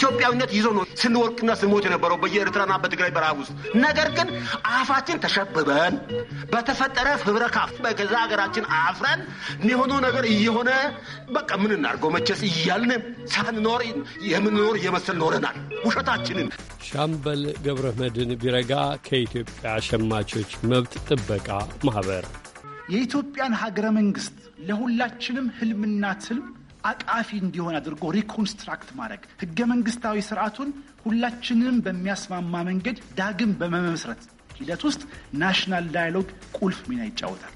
ኢትዮጵያዊነት ይዞ ነው ስንወርቅና ስንሞት የነበረው በየኤርትራና በትግራይ በረሃብ ውስጥ። ነገር ግን አፋችን ተሸብበን በተፈጠረ ህብረ ካፍ በገዛ ሀገራችን አፍረን የሆነ ነገር እየሆነ በቃ ምን እናድርገው መቼስ እያልን ሳንኖር የምንኖር እየመሰል ኖረናል ውሸታችንን። ሻምበል ገብረ መድን ቢረጋ ከኢትዮጵያ ሸማቾች መብት ጥበቃ ማህበር የኢትዮጵያን ሀገረ መንግስት ለሁላችንም ህልምና ትልም አቃፊ እንዲሆን አድርጎ ሪኮንስትራክት ማድረግ ህገ መንግስታዊ ስርዓቱን ሁላችንም በሚያስማማ መንገድ ዳግም በመመስረት ሂደት ውስጥ ናሽናል ዳያሎግ ቁልፍ ሚና ይጫወታል።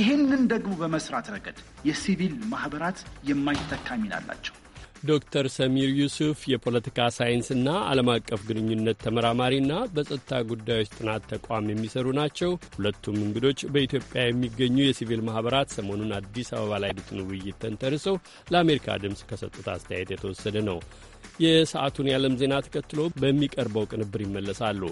ይህንን ደግሞ በመስራት ረገድ የሲቪል ማህበራት የማይተካ ሚና አላቸው። ዶክተር ሰሚር ዩሱፍ የፖለቲካ ሳይንስና ዓለም አቀፍ ግንኙነት ተመራማሪና በጸጥታ ጉዳዮች ጥናት ተቋም የሚሰሩ ናቸው። ሁለቱም እንግዶች በኢትዮጵያ የሚገኙ የሲቪል ማኅበራት ሰሞኑን አዲስ አበባ ላይ ያሉትን ውይይት ተንተርሰው ለአሜሪካ ድምፅ ከሰጡት አስተያየት የተወሰደ ነው። የሰዓቱን የዓለም ዜና ተከትሎ በሚቀርበው ቅንብር ይመለሳሉ።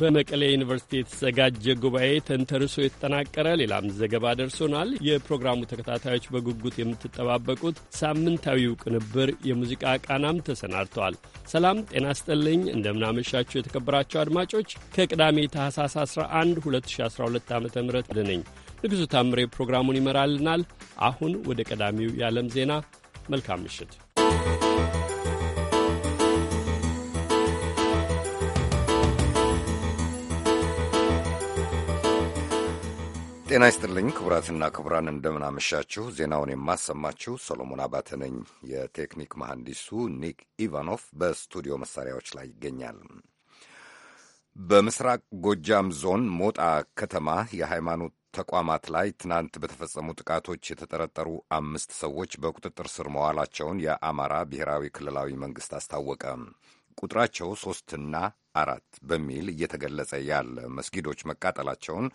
በመቀሌ ዩኒቨርሲቲ የተዘጋጀ ጉባኤ ተንተርሶ የተጠናቀረ ሌላም ዘገባ ደርሶናል። የፕሮግራሙ ተከታታዮች በጉጉት የምትጠባበቁት ሳምንታዊው ቅንብር የሙዚቃ ቃናም ተሰናድተዋል። ሰላም ጤና ስጠልኝ። እንደምናመሻችሁ የተከበራቸው አድማጮች ከቅዳሜ ታህሳስ 11 2012 ዓ ም ልነኝ ንጉሡ ታምሬ ፕሮግራሙን ይመራልናል። አሁን ወደ ቀዳሚው የዓለም ዜና። መልካም ምሽት። ጤና ይስጥልኝ ክቡራትና ክቡራን፣ እንደምናመሻችሁ። ዜናውን የማሰማችሁ ሰሎሞን አባተ ነኝ። የቴክኒክ መሐንዲሱ ኒክ ኢቫኖቭ በስቱዲዮ መሳሪያዎች ላይ ይገኛል። በምስራቅ ጎጃም ዞን ሞጣ ከተማ የሃይማኖት ተቋማት ላይ ትናንት በተፈጸሙ ጥቃቶች የተጠረጠሩ አምስት ሰዎች በቁጥጥር ስር መዋላቸውን የአማራ ብሔራዊ ክልላዊ መንግሥት አስታወቀ። ቁጥራቸው ሦስትና አራት በሚል እየተገለጸ ያለ መስጊዶች መቃጠላቸውን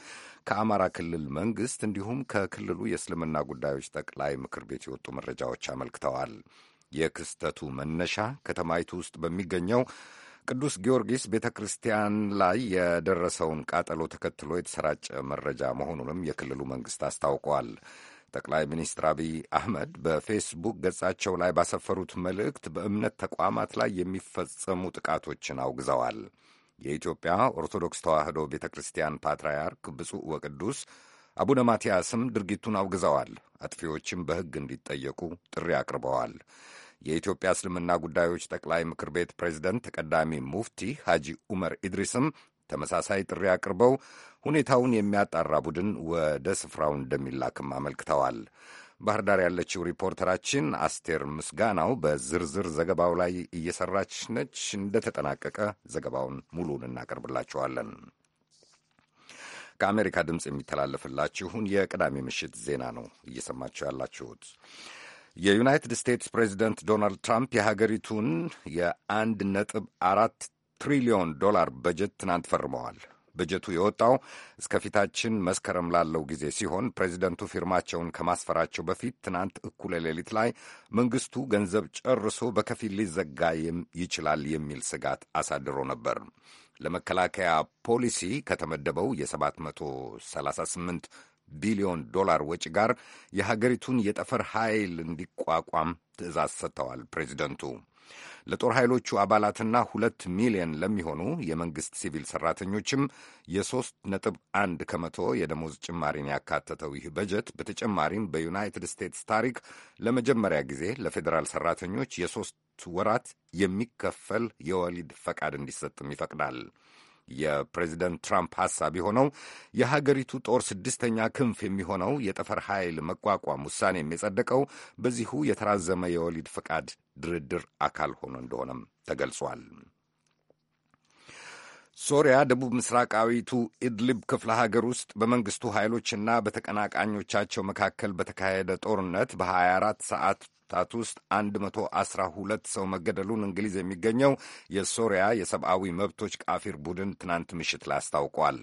ከአማራ ክልል መንግስት እንዲሁም ከክልሉ የእስልምና ጉዳዮች ጠቅላይ ምክር ቤት የወጡ መረጃዎች አመልክተዋል። የክስተቱ መነሻ ከተማይቱ ውስጥ በሚገኘው ቅዱስ ጊዮርጊስ ቤተ ክርስቲያን ላይ የደረሰውን ቃጠሎ ተከትሎ የተሰራጨ መረጃ መሆኑንም የክልሉ መንግስት አስታውቋል። ጠቅላይ ሚኒስትር አብይ አህመድ በፌስቡክ ገጻቸው ላይ ባሰፈሩት መልእክት በእምነት ተቋማት ላይ የሚፈጸሙ ጥቃቶችን አውግዘዋል። የኢትዮጵያ ኦርቶዶክስ ተዋሕዶ ቤተ ክርስቲያን ፓትርያርክ ብፁዕ ወቅዱስ አቡነ ማትያስም ድርጊቱን አውግዘዋል። አጥፊዎችም በሕግ እንዲጠየቁ ጥሪ አቅርበዋል። የኢትዮጵያ እስልምና ጉዳዮች ጠቅላይ ምክር ቤት ፕሬዝደንት ተቀዳሚ ሙፍቲ ሐጂ ዑመር ኢድሪስም ተመሳሳይ ጥሪ አቅርበው ሁኔታውን የሚያጣራ ቡድን ወደ ስፍራው እንደሚላክም አመልክተዋል። ባህር ዳር ያለችው ሪፖርተራችን አስቴር ምስጋናው በዝርዝር ዘገባው ላይ እየሰራች ነች። እንደተጠናቀቀ ዘገባውን ሙሉን እናቀርብላችኋለን። ከአሜሪካ ድምፅ የሚተላለፍላችሁን የቅዳሜ ምሽት ዜና ነው እየሰማችሁ ያላችሁት። የዩናይትድ ስቴትስ ፕሬዚደንት ዶናልድ ትራምፕ የሀገሪቱን የአንድ ነጥብ አራት ትሪሊዮን ዶላር በጀት ትናንት ፈርመዋል። በጀቱ የወጣው እስከፊታችን መስከረም ላለው ጊዜ ሲሆን ፕሬዚደንቱ ፊርማቸውን ከማስፈራቸው በፊት ትናንት እኩለ ሌሊት ላይ መንግስቱ ገንዘብ ጨርሶ በከፊል ሊዘጋ ይችላል የሚል ስጋት አሳድሮ ነበር። ለመከላከያ ፖሊሲ ከተመደበው የ738 ቢሊዮን ዶላር ወጪ ጋር የሀገሪቱን የጠፈር ኃይል እንዲቋቋም ትዕዛዝ ሰጥተዋል ፕሬዚደንቱ። ለጦር ኃይሎቹ አባላትና ሁለት ሚሊየን ለሚሆኑ የመንግሥት ሲቪል ሠራተኞችም የሦስት ነጥብ አንድ ከመቶ የደሞዝ ጭማሪን ያካተተው ይህ በጀት በተጨማሪም በዩናይትድ ስቴትስ ታሪክ ለመጀመሪያ ጊዜ ለፌዴራል ሠራተኞች የሦስት ወራት የሚከፈል የወሊድ ፈቃድ እንዲሰጥም ይፈቅዳል። የፕሬዚደንት ትራምፕ ሀሳብ የሆነው የሀገሪቱ ጦር ስድስተኛ ክንፍ የሚሆነው የጠፈር ኃይል መቋቋም ውሳኔ የጸደቀው በዚሁ የተራዘመ የወሊድ ፈቃድ ድርድር አካል ሆኖ እንደሆነም ተገልጿል። ሶሪያ ደቡብ ምስራቃዊቱ ኢድሊብ ክፍለ ሀገር ውስጥ በመንግስቱ ኃይሎችና በተቀናቃኞቻቸው መካከል በተካሄደ ጦርነት በ24 ሰዓት ታት ውስጥ 112 ሰው መገደሉን እንግሊዝ የሚገኘው የሶሪያ የሰብአዊ መብቶች ቃፊር ቡድን ትናንት ምሽት ላይ አስታውቋል።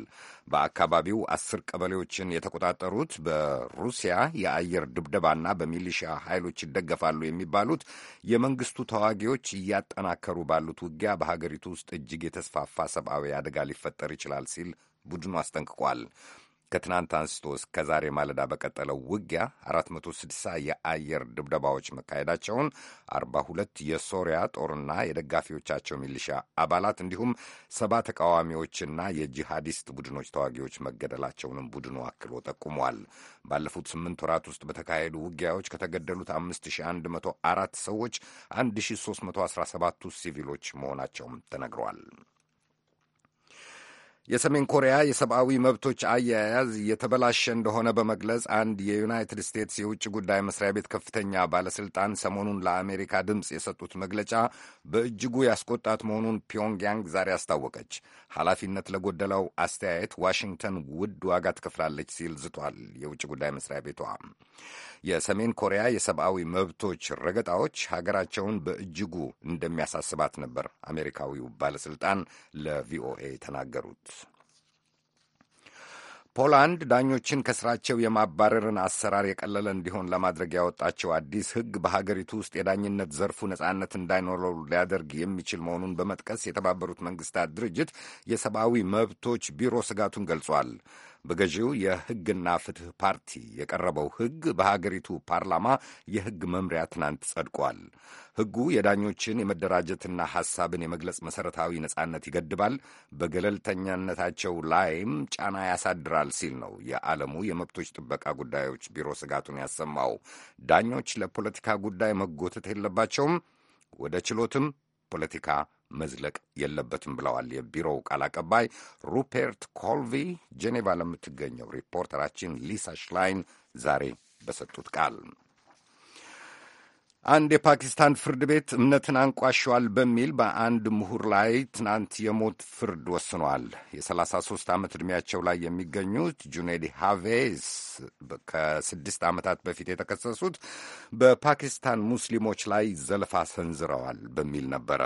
በአካባቢው አስር ቀበሌዎችን የተቆጣጠሩት በሩሲያ የአየር ድብደባና በሚሊሺያ ኃይሎች ይደገፋሉ የሚባሉት የመንግስቱ ተዋጊዎች እያጠናከሩ ባሉት ውጊያ በሀገሪቱ ውስጥ እጅግ የተስፋፋ ሰብአዊ አደጋ ሊፈጠር ይችላል ሲል ቡድኑ አስጠንቅቋል። ከትናንት አንስቶ እስከ ዛሬ ማለዳ በቀጠለው ውጊያ 460 የአየር ድብደባዎች መካሄዳቸውን 42 የሶሪያ ጦርና የደጋፊዎቻቸው ሚሊሻ አባላት እንዲሁም ሰባ ተቃዋሚዎችና የጂሃዲስት ቡድኖች ተዋጊዎች መገደላቸውንም ቡድኑ አክሎ ጠቁሟል። ባለፉት ስምንት ወራት ውስጥ በተካሄዱ ውጊያዎች ከተገደሉት 5104 ሰዎች 1317ቱ ሲቪሎች መሆናቸውም ተነግሯል። የሰሜን ኮሪያ የሰብአዊ መብቶች አያያዝ የተበላሸ እንደሆነ በመግለጽ አንድ የዩናይትድ ስቴትስ የውጭ ጉዳይ መስሪያ ቤት ከፍተኛ ባለስልጣን ሰሞኑን ለአሜሪካ ድምፅ የሰጡት መግለጫ በእጅጉ ያስቆጣት መሆኑን ፒዮንግያንግ ዛሬ አስታወቀች። ኃላፊነት ለጎደለው አስተያየት ዋሽንግተን ውድ ዋጋ ትከፍላለች ሲል ዝቷል የውጭ ጉዳይ መስሪያ ቤቷ። የሰሜን ኮሪያ የሰብአዊ መብቶች ረገጣዎች ሀገራቸውን በእጅጉ እንደሚያሳስባት ነበር አሜሪካዊው ባለሥልጣን ለቪኦኤ ተናገሩት። ፖላንድ ዳኞችን ከስራቸው የማባረርን አሰራር የቀለለ እንዲሆን ለማድረግ ያወጣቸው አዲስ ሕግ በሀገሪቱ ውስጥ የዳኝነት ዘርፉ ነጻነት እንዳይኖረው ሊያደርግ የሚችል መሆኑን በመጥቀስ የተባበሩት መንግስታት ድርጅት የሰብአዊ መብቶች ቢሮ ስጋቱን ገልጿል። በገዢው የሕግና ፍትህ ፓርቲ የቀረበው ሕግ በሀገሪቱ ፓርላማ የሕግ መምሪያ ትናንት ጸድቋል። ሕጉ የዳኞችን የመደራጀትና ሐሳብን የመግለጽ መሠረታዊ ነጻነት ይገድባል፣ በገለልተኛነታቸው ላይም ጫና ያሳድራል ሲል ነው የዓለሙ የመብቶች ጥበቃ ጉዳዮች ቢሮ ስጋቱን ያሰማው። ዳኞች ለፖለቲካ ጉዳይ መጎተት የለባቸውም፣ ወደ ችሎትም ፖለቲካ መዝለቅ የለበትም ብለዋል የቢሮው ቃል አቀባይ ሩፔርት ኮልቪ ጄኔቫ ለምትገኘው ሪፖርተራችን ሊሳ ሽላይን ዛሬ በሰጡት ቃል። አንድ የፓኪስታን ፍርድ ቤት እምነትን አንቋሸዋል በሚል በአንድ ምሁር ላይ ትናንት የሞት ፍርድ ወስኗል። የ33 ዓመት ዕድሜያቸው ላይ የሚገኙት ጁኔዲ ሃቬስ ከስድስት ዓመታት በፊት የተከሰሱት በፓኪስታን ሙስሊሞች ላይ ዘለፋ ሰንዝረዋል በሚል ነበረ።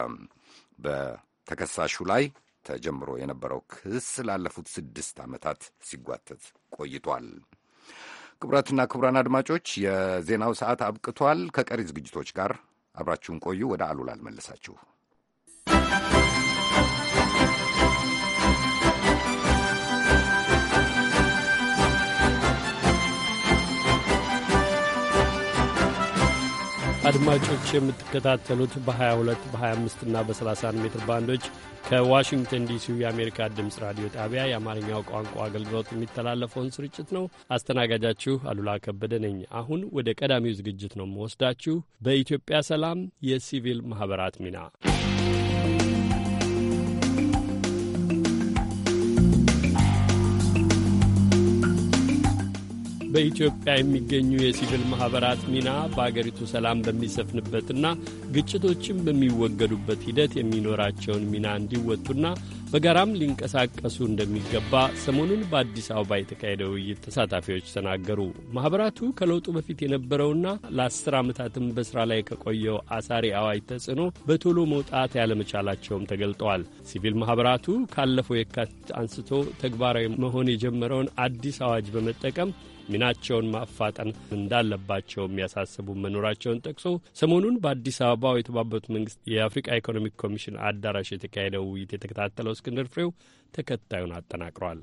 በተከሳሹ ላይ ተጀምሮ የነበረው ክስ ላለፉት ስድስት ዓመታት ሲጓተት ቆይቷል። ክቡራትና ክቡራን አድማጮች የዜናው ሰዓት አብቅቷል። ከቀሪ ዝግጅቶች ጋር አብራችሁን ቆዩ። ወደ አሉላ አልመልሳችሁ አድማጮች የምትከታተሉት በ22 በ25 እና በ31 ሜትር ባንዶች ከዋሽንግተን ዲሲው የአሜሪካ ድምፅ ራዲዮ ጣቢያ የአማርኛው ቋንቋ አገልግሎት የሚተላለፈውን ስርጭት ነው። አስተናጋጃችሁ አሉላ ከበደ ነኝ። አሁን ወደ ቀዳሚው ዝግጅት ነው የምወስዳችሁ። በኢትዮጵያ ሰላም የሲቪል ማኅበራት ሚና በኢትዮጵያ የሚገኙ የሲቪል ማኅበራት ሚና በአገሪቱ ሰላም በሚሰፍንበትና ግጭቶችን በሚወገዱበት ሂደት የሚኖራቸውን ሚና እንዲወጡና በጋራም ሊንቀሳቀሱ እንደሚገባ ሰሞኑን በአዲስ አበባ የተካሄደ ውይይት ተሳታፊዎች ተናገሩ። ማኅበራቱ ከለውጡ በፊት የነበረውና ለአስር ዓመታትም በሥራ ላይ ከቆየው አሳሪ አዋጅ ተጽዕኖ በቶሎ መውጣት ያለመቻላቸውም ተገልጠዋል። ሲቪል ማኅበራቱ ካለፈው የካቲት አንስቶ ተግባራዊ መሆን የጀመረውን አዲስ አዋጅ በመጠቀም ሚናቸውን ማፋጠን እንዳለባቸው የሚያሳስቡ መኖራቸውን ጠቅሶ ሰሞኑን በአዲስ አበባው የተባበሩት መንግስት የአፍሪቃ ኢኮኖሚክ ኮሚሽን አዳራሽ የተካሄደው ውይይት የተከታተለው እስክንድር ፍሬው ተከታዩን አጠናቅሯል።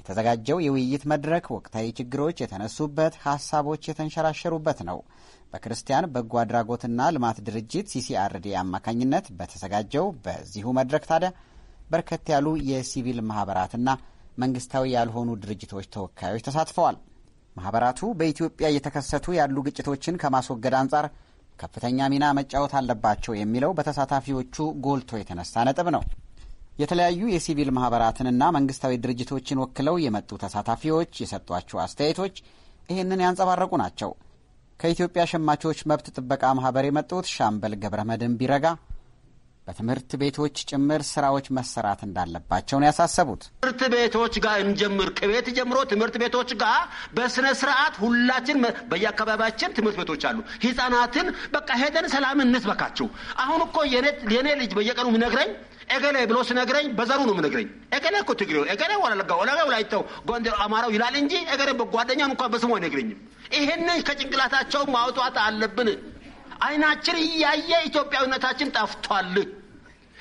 የተዘጋጀው የውይይት መድረክ ወቅታዊ ችግሮች የተነሱበት፣ ሀሳቦች የተንሸራሸሩበት ነው። በክርስቲያን በጎ አድራጎትና ልማት ድርጅት ሲሲአርዲ አማካኝነት በተዘጋጀው በዚሁ መድረክ ታዲያ በርከት ያሉ የሲቪል ማህበራትና መንግስታዊ ያልሆኑ ድርጅቶች ተወካዮች ተሳትፈዋል። ማህበራቱ በኢትዮጵያ እየተከሰቱ ያሉ ግጭቶችን ከማስወገድ አንጻር ከፍተኛ ሚና መጫወት አለባቸው የሚለው በተሳታፊዎቹ ጎልቶ የተነሳ ነጥብ ነው። የተለያዩ የሲቪል ማህበራትንና መንግስታዊ ድርጅቶችን ወክለው የመጡ ተሳታፊዎች የሰጧቸው አስተያየቶች ይህንን ያንጸባረቁ ናቸው። ከኢትዮጵያ ሸማቾች መብት ጥበቃ ማህበር የመጡት ሻምበል ገብረ ቢረጋ በትምህርት ቤቶች ጭምር ስራዎች መሰራት እንዳለባቸው ነው ያሳሰቡት። ትምህርት ቤቶች ጋር እንጀምር። ከቤት ጀምሮ ትምህርት ቤቶች ጋር በስነ ስርዓት ሁላችን በየአካባቢያችን ትምህርት ቤቶች አሉ። ህጻናትን በቃ ሄደን ሰላም እንስበካቸው። አሁን እኮ የኔ ልጅ በየቀኑ ምነግረኝ ኤገሌ ብሎ ስነግረኝ በዘሩ ነው ምነግረኝ። ኤገሌ እኮ ትግሬው፣ ኤገሌ ወለጋ፣ ወለጋ፣ ወላይታው፣ ጎንደር፣ አማራው ይላል እንጂ ኤገሌ በጓደኛም እንኳን በስሙ አይነግረኝም። ይህንን ከጭንቅላታቸው ማውጣት አለብን። አይናችን እያየ ኢትዮጵያዊነታችን ጠፍቷል።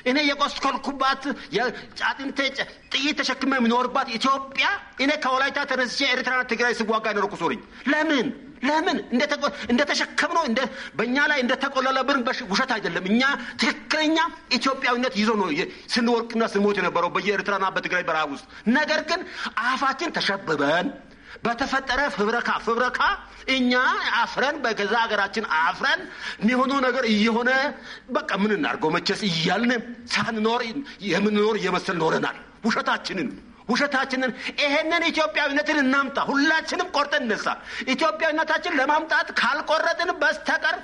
እኔ የቆስኮልኩባት አጥንቴ ጥይት ተሸክመ የሚኖርባት ኢትዮጵያ እኔ ከወላይታ ተነስቼ ኤርትራና ትግራይ ስዋጋ የኖርኩ ሰው ለምን ለምን እንደተሸከምነው በእኛ ላይ እንደተቆለለብን ውሸት አይደለም። እኛ ትክክለኛ ኢትዮጵያዊነት ይዞ ነው ስንወርቅና ስንሞት የነበረው በየኤርትራና በትግራይ በረሃ ውስጥ። ነገር ግን አፋችን ተሸብበን በተፈጠረ ፍብረካ ፍብረካ እኛ አፍረን በገዛ ሀገራችን አፍረን የሚሆነው ነገር እየሆነ በቃ ምን እናድርገው መቼስ እያልን ሳንኖር የምንኖር እየመሰል ኖረናል ውሸታችንን ውሸታችንን ይሄንን ኢትዮጵያዊነትን እናምጣ። ሁላችንም ቆርጠን እንነሳ። ኢትዮጵያዊነታችን ለማምጣት ካልቆረጥን በስተቀር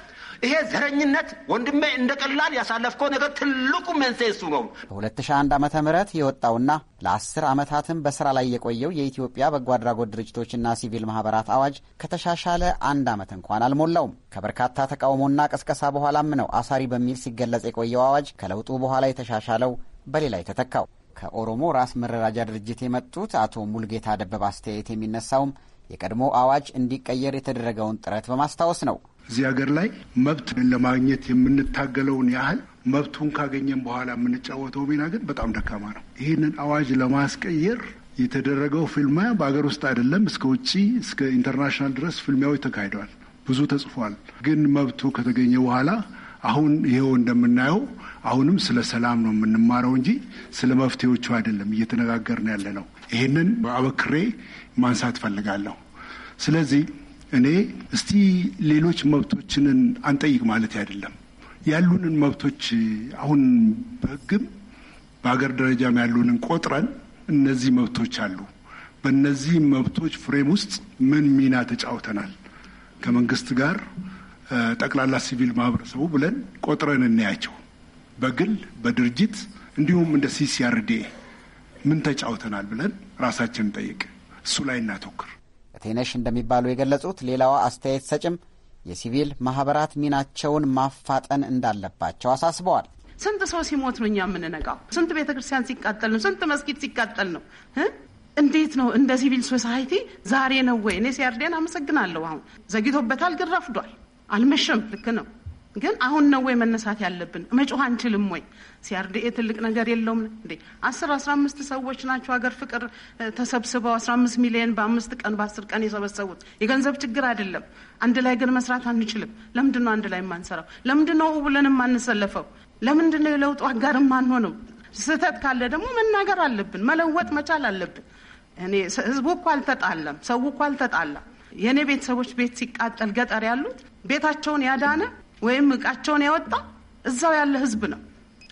ይሄ ዘረኝነት ወንድሜ እንደ ቀላል ያሳለፍከው ነገር ትልቁ መንስኤ እሱ ነው። በ2001 ም የወጣውና ለአስር ዓመታትም በሥራ ላይ የቆየው የኢትዮጵያ በጎ አድራጎት ድርጅቶችና ሲቪል ማኅበራት አዋጅ ከተሻሻለ አንድ ዓመት እንኳን አልሞላውም። ከበርካታ ተቃውሞና ቀስቀሳ በኋላም ነው አሳሪ በሚል ሲገለጽ የቆየው አዋጅ ከለውጡ በኋላ የተሻሻለው በሌላ የተተካው። ከኦሮሞ ራስ መረራጃ ድርጅት የመጡት አቶ ሙልጌታ ደበብ አስተያየት የሚነሳውም የቀድሞ አዋጅ እንዲቀየር የተደረገውን ጥረት በማስታወስ ነው። እዚህ ሀገር ላይ መብት ለማግኘት የምንታገለውን ያህል መብቱን ካገኘን በኋላ የምንጫወተው ሚና ግን በጣም ደካማ ነው። ይህንን አዋጅ ለማስቀየር የተደረገው ፍልሚያ በሀገር ውስጥ አይደለም፣ እስከ ውጭ እስከ ኢንተርናሽናል ድረስ ፍልሚያዎች ተካሂደዋል። ብዙ ተጽፏል። ግን መብቱ ከተገኘ በኋላ አሁን ይኸው እንደምናየው አሁንም ስለ ሰላም ነው የምንማረው እንጂ ስለ መፍትሄዎቹ አይደለም እየተነጋገርን ያለ ነው። ይህንን አበክሬ ማንሳት ፈልጋለሁ። ስለዚህ እኔ እስቲ ሌሎች መብቶችንን አንጠይቅ ማለት አይደለም። ያሉንን መብቶች አሁን በህግም በሀገር ደረጃም ያሉንን ቆጥረን እነዚህ መብቶች አሉ። በእነዚህ መብቶች ፍሬም ውስጥ ምን ሚና ተጫውተናል ከመንግስት ጋር ጠቅላላ ሲቪል ማህበረሰቡ ብለን ቆጥረን እናያቸው። በግል በድርጅት እንዲሁም እንደ ሲሲአርዴ ምን ተጫውተናል ብለን ራሳችን ጠይቅ። እሱ ላይ እናተኩር። እቴነሽ እንደሚባሉ የገለጹት ሌላዋ አስተያየት ሰጭም የሲቪል ማህበራት ሚናቸውን ማፋጠን እንዳለባቸው አሳስበዋል። ስንት ሰው ሲሞት ነው እኛ የምንነቃው? ስንት ቤተ ክርስቲያን ሲቃጠል ነው? ስንት መስጊድ ሲቃጠል ነው? እንዴት ነው እንደ ሲቪል ሶሳይቲ ዛሬ ነው ወይ? እኔ ሲያርዴን አመሰግናለሁ። አሁን ዘግቶበታል፣ ግን ረፍዷል። አልመሸም። ልክ ነው። ግን አሁን ነው ወይ መነሳት ያለብን? መጮህ አንችልም ወይ? ሲያርድኤ ትልቅ ነገር የለውም እንዴ? አስር አስራ አምስት ሰዎች ናቸው ሀገር ፍቅር ተሰብስበው አስራ አምስት ሚሊዮን በአምስት ቀን በአስር ቀን የሰበሰቡት። የገንዘብ ችግር አይደለም። አንድ ላይ ግን መስራት አንችልም። ለምንድን ነው አንድ ላይ የማንሰራው? ለምንድን ነው ብለን የማንሰለፈው? ለምንድን ነው የለውጡ አጋር የማንሆነው? ስህተት ካለ ደግሞ መናገር አለብን። መለወጥ መቻል አለብን። እኔ ህዝቡ እኮ አልተጣለም። ሰው እኮ አልተጣለም። የእኔ ቤተሰቦች ቤት ሲቃጠል ገጠር ያሉት ቤታቸውን ያዳነ ወይም እቃቸውን ያወጣ እዛው ያለ ህዝብ ነው።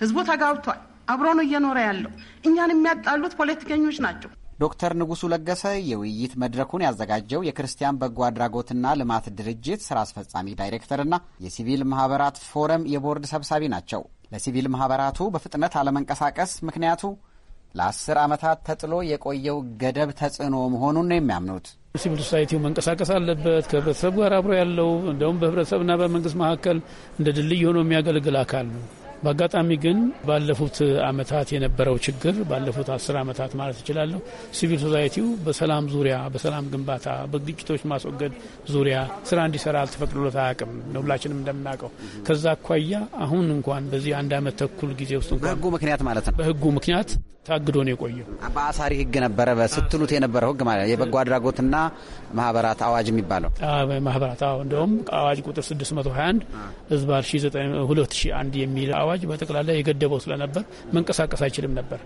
ህዝቡ ተጋብቷል፣ አብሮ ነው እየኖረ ያለው። እኛን የሚያጣሉት ፖለቲከኞች ናቸው። ዶክተር ንጉሱ ለገሰ የውይይት መድረኩን ያዘጋጀው የክርስቲያን በጎ አድራጎትና ልማት ድርጅት ስራ አስፈጻሚ ዳይሬክተርና የሲቪል ማህበራት ፎረም የቦርድ ሰብሳቢ ናቸው። ለሲቪል ማህበራቱ በፍጥነት አለመንቀሳቀስ ምክንያቱ ለአስር ዓመታት ተጥሎ የቆየው ገደብ ተጽዕኖ መሆኑን ነው የሚያምኑት። ሲቪል ሶሳይቲው መንቀሳቀስ አለበት። ከህብረተሰብ ጋር አብሮ ያለው እንደውም በህብረተሰብና በመንግስት መካከል እንደ ድልድይ ሆኖ የሚያገለግል አካል ነው። በአጋጣሚ ግን ባለፉት አመታት የነበረው ችግር ባለፉት አስር አመታት ማለት እችላለሁ ሲቪል ሶሳይቲው በሰላም ዙሪያ በሰላም ግንባታ በግጭቶች ማስወገድ ዙሪያ ስራ እንዲሰራ አልተፈቅዶለት አያውቅም። ሁላችንም እንደምናውቀው ከዛ አኳያ አሁን እንኳን በዚህ አንድ አመት ተኩል ጊዜ ውስጥ በህጉ ምክንያት ማለት ነው በህጉ ምክንያት ታግዶ ነው የቆየው። በአሳሪ ህግ ነበረ በስትሉት የነበረው ህግ ማለት የበጎ አድራጎትና ማህበራት አዋጅ የሚባለው ማህበራት አዎ፣ እንደውም አዋጅ ቁጥር 621 ህዝባር 2001 የሚል አዋጅ በጠቅላላ የገደበው ስለነበር መንቀሳቀስ አይችልም ነበር።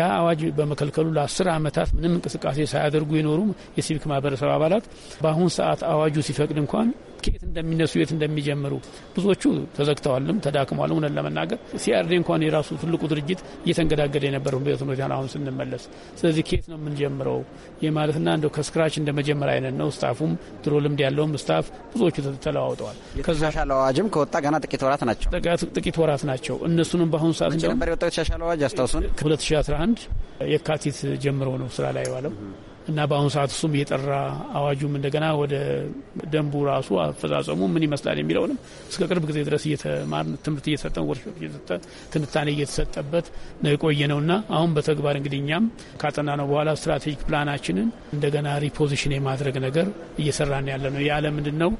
ያ አዋጅ በመከልከሉ ለ10 ዓመታት ምንም እንቅስቃሴ ሳያደርጉ የኖሩ የሲቪክ ማህበረሰብ አባላት በአሁን ሰዓት አዋጁ ሲፈቅድ እንኳን ከየት እንደሚነሱ የት እንደሚጀምሩ ብዙዎቹ ተዘግተዋልም ተዳክመዋል። እውነት ለመናገር ሲአርዴ እንኳን የራሱ ትልቁ ድርጅት እየተንገዳገደ የነበረው ቤትኖጃን አሁን ስንመለስ፣ ስለዚህ ከየት ነው የምንጀምረው የማለትና እንደው ከስክራች እንደ መጀመር አይነት ነው። ስታፉም ድሮ ልምድ ያለውም ስታፍ ብዙዎቹ ተለዋውጠዋል። የተሻሻለ አዋጅም ከወጣ ገና ጥቂት ወራት ናቸው ጥቂት ወራት ናቸው። እነሱንም በአሁኑ ሰዓት ነበር የወጣው የተሻሻለ አዋጅ አስታውሱን 2011 የካቲት ጀምሮ ነው ስራ ላይ ዋለው። እና በአሁኑ ሰዓት እሱም እየጠራ አዋጁም እንደገና ወደ ደንቡ ራሱ አፈጻጸሙ ምን ይመስላል የሚለውንም እስከ ቅርብ ጊዜ ድረስ እየተማር ትምህርት እየሰጠን ወርሾፕ እየሰጠ ትንታኔ እየተሰጠበት ነው የቆየ ነውና አሁን በተግባር እንግዲህ እኛም ካጠና ነው በኋላ ስትራቴጂክ ፕላናችንን እንደገና ሪፖዚሽን የማድረግ ነገር እየሰራን ያለ ነው። ያለ ምንድን ነው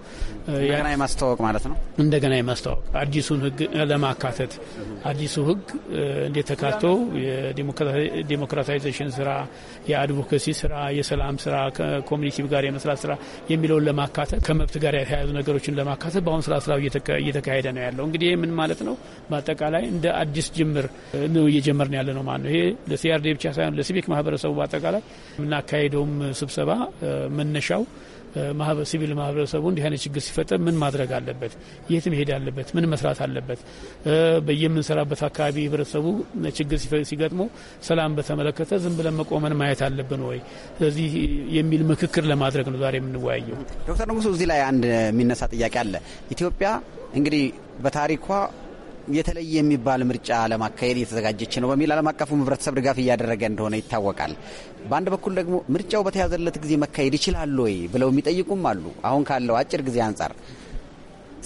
እንደገና የማስተዋወቅ ማለት ነው። እንደገና የማስተዋወቅ አዲሱን ህግ ለማካተት አዲሱ ህግ እንዴት ተካቶ የዲሞክራታይዜሽን ስራ፣ የአድቮኬሲ ስራ የሰላም ስራ ከኮሚኒቲ ጋር የመስራት ስራ የሚለውን ለማካተት ከመብት ጋር የተያያዙ ነገሮችን ለማካተት በአሁኑ ስራ ስራው እየተካሄደ ነው ያለው። እንግዲህ ይህ ምን ማለት ነው? በአጠቃላይ እንደ አዲስ ጅምር ነው እየጀመር ነው ያለ ነው ማለት ነው። ይሄ ለሲአርዴ ብቻ ሳይሆን ለሲቪክ ማህበረሰቡ በአጠቃላይ የምናካሄደውም ስብሰባ መነሻው ሲቪል ማህበረሰቡ እንዲህ አይነት ችግር ሲፈጠር ምን ማድረግ አለበት፣ የት መሄድ አለበት፣ ምን መስራት አለበት፣ በየምንሰራበት አካባቢ ህብረተሰቡ ችግር ሲገጥሞ ሰላም በተመለከተ ዝም ብለን መቆመን ማየት አለብን ወይ? ስለዚህ የሚል ምክክር ለማድረግ ነው ዛሬ የምንወያየው። ዶክተር ንጉሱ እዚህ ላይ አንድ የሚነሳ ጥያቄ አለ። ኢትዮጵያ እንግዲህ በታሪኳ የተለየ የሚባል ምርጫ ለማካሄድ እየተዘጋጀች ነው በሚል ዓለም አቀፉ ሕብረተሰብ ድጋፍ እያደረገ እንደሆነ ይታወቃል። በአንድ በኩል ደግሞ ምርጫው በተያዘለት ጊዜ መካሄድ ይችላሉ ወይ ብለው የሚጠይቁም አሉ። አሁን ካለው አጭር ጊዜ አንጻር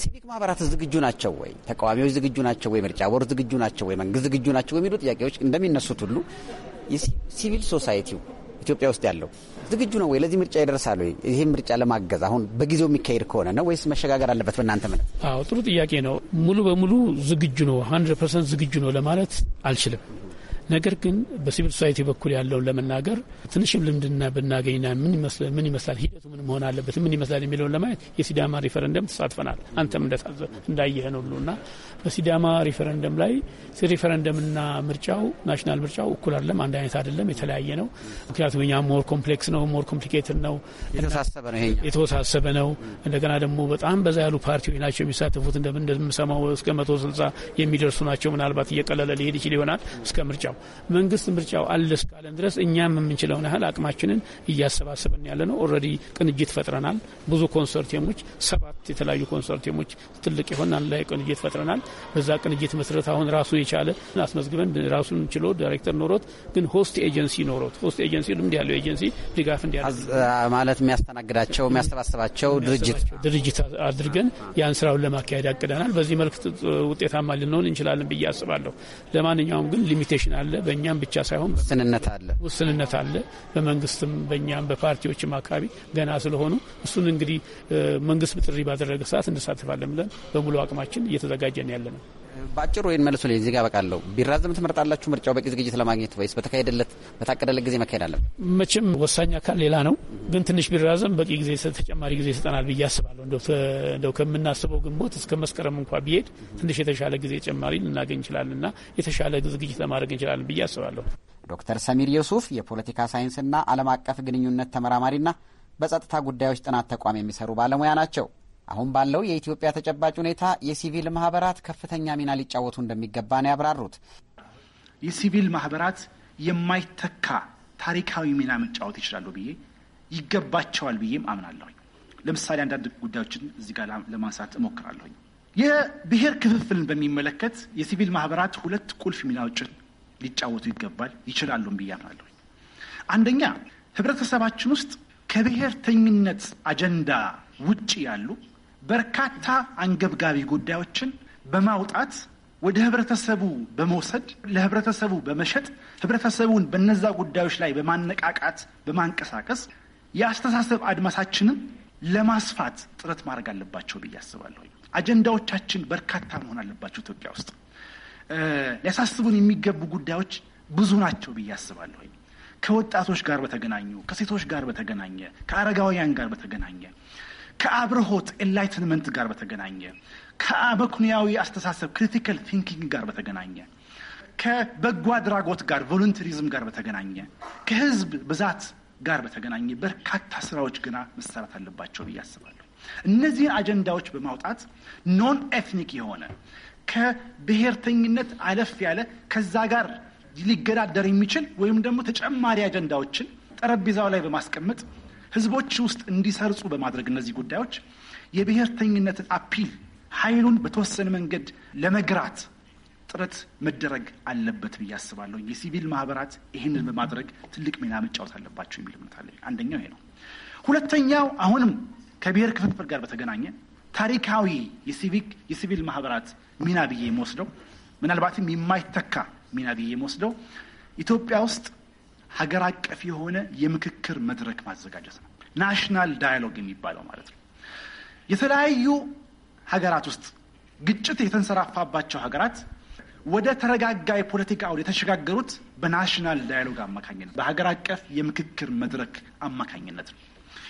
ሲቪክ ማህበራት ዝግጁ ናቸው ወይ? ተቃዋሚዎች ዝግጁ ናቸው ወይ? ምርጫ ቦርድ ዝግጁ ናቸው ወይ? መንግስት ዝግጁ ናቸው የሚሉ ጥያቄዎች እንደሚነሱት ሁሉ ሲቪል ሶሳይቲው ኢትዮጵያ ውስጥ ያለው ዝግጁ ነው ወይ? ለዚህ ምርጫ ይደርሳል ይህ ምርጫ ለማገዝ አሁን በጊዜው የሚካሄድ ከሆነ ነው ወይስ መሸጋገር አለበት? በእናንተ ምን? አዎ ጥሩ ጥያቄ ነው። ሙሉ በሙሉ ዝግጁ ነው፣ ሀንድረድ ፐርሰንት ዝግጁ ነው ለማለት አልችልም። ነገር ግን በሲቪል ሶሳይቲ በኩል ያለውን ለመናገር ትንሽም ልምድና ብናገኝና ምን ይመስላል ሂደቱ ምን መሆን አለበት ምን ይመስላል የሚለውን ለማየት የሲዳማ ሪፈረንደም ተሳትፈናል። አንተም እንዳየህን ሁሉ እና በሲዳማ ሪፈረንደም ላይ ሪፈረንደምና ምርጫው ናሽናል ምርጫው እኩል አይደለም፣ አንድ አይነት አይደለም፣ የተለያየ ነው። ምክንያቱም እኛ ሞር ኮምፕሌክስ ነው፣ ሞር ኮምፕሊኬትድ ነው፣ የተወሳሰበ ነው። እንደገና ደግሞ በጣም በዛ ያሉ ፓርቲዎች ናቸው የሚሳተፉት እንደምንሰማው እስከ መቶ ስልሳ የሚደርሱ ናቸው። ምናልባት እየቀለለ ሊሄድ ይችል ይሆናል እስከ ምርጫው መንግስት ምርጫው አለ እስካለን ድረስ እኛም የምንችለውን ያህል አቅማችንን እያሰባሰብን ያለ ነው። ኦልሬዲ ቅንጅት ፈጥረናል። ብዙ ኮንሶርቲየሞች፣ ሰባት የተለያዩ ኮንሶርቲየሞች ትልቅ የሆን አንድ ላይ ቅንጅት ፈጥረናል። በዛ ቅንጅት መሰረት አሁን ራሱን የቻለ አስመዝግበን ራሱን ችሎ ዳይሬክተር ኖሮት ግን ሆስት ኤጀንሲ ኖሮት ሆስት ኤጀንሲ ልምድ ያለው ኤጀንሲ ድጋፍ እንዲያ ማለት የሚያስተናግዳቸው የሚያሰባስባቸው ድርጅት ድርጅት አድርገን ያን ስራውን ለማካሄድ አቅደናል። በዚህ መልክ ውጤታማ ልንሆን እንችላለን ብዬ አስባለሁ። ለማንኛውም ግን ሊሚቴሽን አለ አለ። በእኛም ብቻ ሳይሆን ውስንነት አለ ውስንነት አለ። በመንግስትም በእኛም በፓርቲዎችም አካባቢ ገና ስለሆኑ እሱን እንግዲህ መንግስት ጥሪ ባደረገ ሰዓት እንሳተፋለን ብለን በሙሉ አቅማችን እየተዘጋጀን ያለ ነው። በአጭሩ ወይን መልሱ ላይ ዜጋ በቃለው በቃለሁ። ቢራዘም ትመርጣላችሁ? ምርጫው በቂ ዝግጅት ለማግኘት ወይስ በተካሄደለት በታቀደለት ጊዜ መካሄድ አለ? መቼም ወሳኝ አካል ሌላ ነው፣ ግን ትንሽ ቢራዘም በቂ ጊዜ ተጨማሪ ጊዜ ይሰጠናል ብዬ አስባለሁ። እንደው ከምናስበው ግንቦት እስከ መስከረም እንኳ ቢሄድ ትንሽ የተሻለ ጊዜ ጨማሪ ልናገኝ እና የተሻለ ዝግጅት ለማድረግ እንችላለን ብዬ አስባለሁ። ዶክተር ሰሚር ዮሱፍ የፖለቲካ ሳይንስና ዓለም አቀፍ ግንኙነት ተመራማሪና በጸጥታ ጉዳዮች ጥናት ተቋም የሚሰሩ ባለሙያ ናቸው። አሁን ባለው የኢትዮጵያ ተጨባጭ ሁኔታ የሲቪል ማህበራት ከፍተኛ ሚና ሊጫወቱ እንደሚገባ ነው ያብራሩት። የሲቪል ማህበራት የማይተካ ታሪካዊ ሚና መጫወት ይችላሉ ብዬ ይገባቸዋል ብዬም አምናለሁኝ። ለምሳሌ አንዳንድ ጉዳዮችን እዚህ ጋር ለማንሳት እሞክራለሁኝ። የብሔር ክፍፍልን በሚመለከት የሲቪል ማህበራት ሁለት ቁልፍ ሚናዎችን ሊጫወቱ ይገባል ይችላሉም ብዬ አምናለሁ። አንደኛ ህብረተሰባችን ውስጥ ከብሔርተኝነት አጀንዳ ውጭ ያሉ በርካታ አንገብጋቢ ጉዳዮችን በማውጣት ወደ ህብረተሰቡ በመውሰድ ለህብረተሰቡ በመሸጥ ህብረተሰቡን በነዛ ጉዳዮች ላይ በማነቃቃት በማንቀሳቀስ የአስተሳሰብ አድማሳችንን ለማስፋት ጥረት ማድረግ አለባቸው ብዬ አስባለሁ። አጀንዳዎቻችን በርካታ መሆን አለባቸው። ኢትዮጵያ ውስጥ ሊያሳስቡን የሚገቡ ጉዳዮች ብዙ ናቸው ብዬ አስባለሁ። ከወጣቶች ጋር በተገናኙ ከሴቶች ጋር በተገናኘ ከአረጋውያን ጋር በተገናኘ ከአብርሆት ኤንላይትንመንት ጋር በተገናኘ ከአበኩንያዊ አስተሳሰብ ክሪቲካል ቲንኪንግ ጋር በተገናኘ ከበጎ አድራጎት ጋር ቮሉንተሪዝም ጋር በተገናኘ ከህዝብ ብዛት ጋር በተገናኘ በርካታ ስራዎች ገና መሰራት አለባቸው ብዬ አስባለሁ። እነዚህን አጀንዳዎች በማውጣት ኖን ኤትኒክ የሆነ ከብሔርተኝነት አለፍ ያለ ከዛ ጋር ሊገዳደር የሚችል ወይም ደግሞ ተጨማሪ አጀንዳዎችን ጠረጴዛው ላይ በማስቀመጥ ህዝቦች ውስጥ እንዲሰርጹ በማድረግ እነዚህ ጉዳዮች የብሔርተኝነትን አፒል ኃይሉን በተወሰነ መንገድ ለመግራት ጥረት መደረግ አለበት ብዬ አስባለሁ። የሲቪል ማህበራት ይህንን በማድረግ ትልቅ ሚና መጫወት አለባቸው የሚል እምነት አለ። አንደኛው ይሄ ነው። ሁለተኛው አሁንም ከብሔር ክፍፍል ጋር በተገናኘ ታሪካዊ የሲቪክ የሲቪል ማህበራት ሚና ብዬ የምወስደው ምናልባትም የማይተካ ሚና ብዬ የምወስደው ኢትዮጵያ ውስጥ ሀገር አቀፍ የሆነ የምክክር መድረክ ማዘጋጀት ነው። ናሽናል ዳያሎግ የሚባለው ማለት ነው። የተለያዩ ሀገራት ውስጥ ግጭት የተንሰራፋባቸው ሀገራት ወደ ተረጋጋ የፖለቲካ አውድ የተሸጋገሩት በናሽናል ዳያሎግ አማካኝነት በሀገር አቀፍ የምክክር መድረክ አማካኝነት ነው።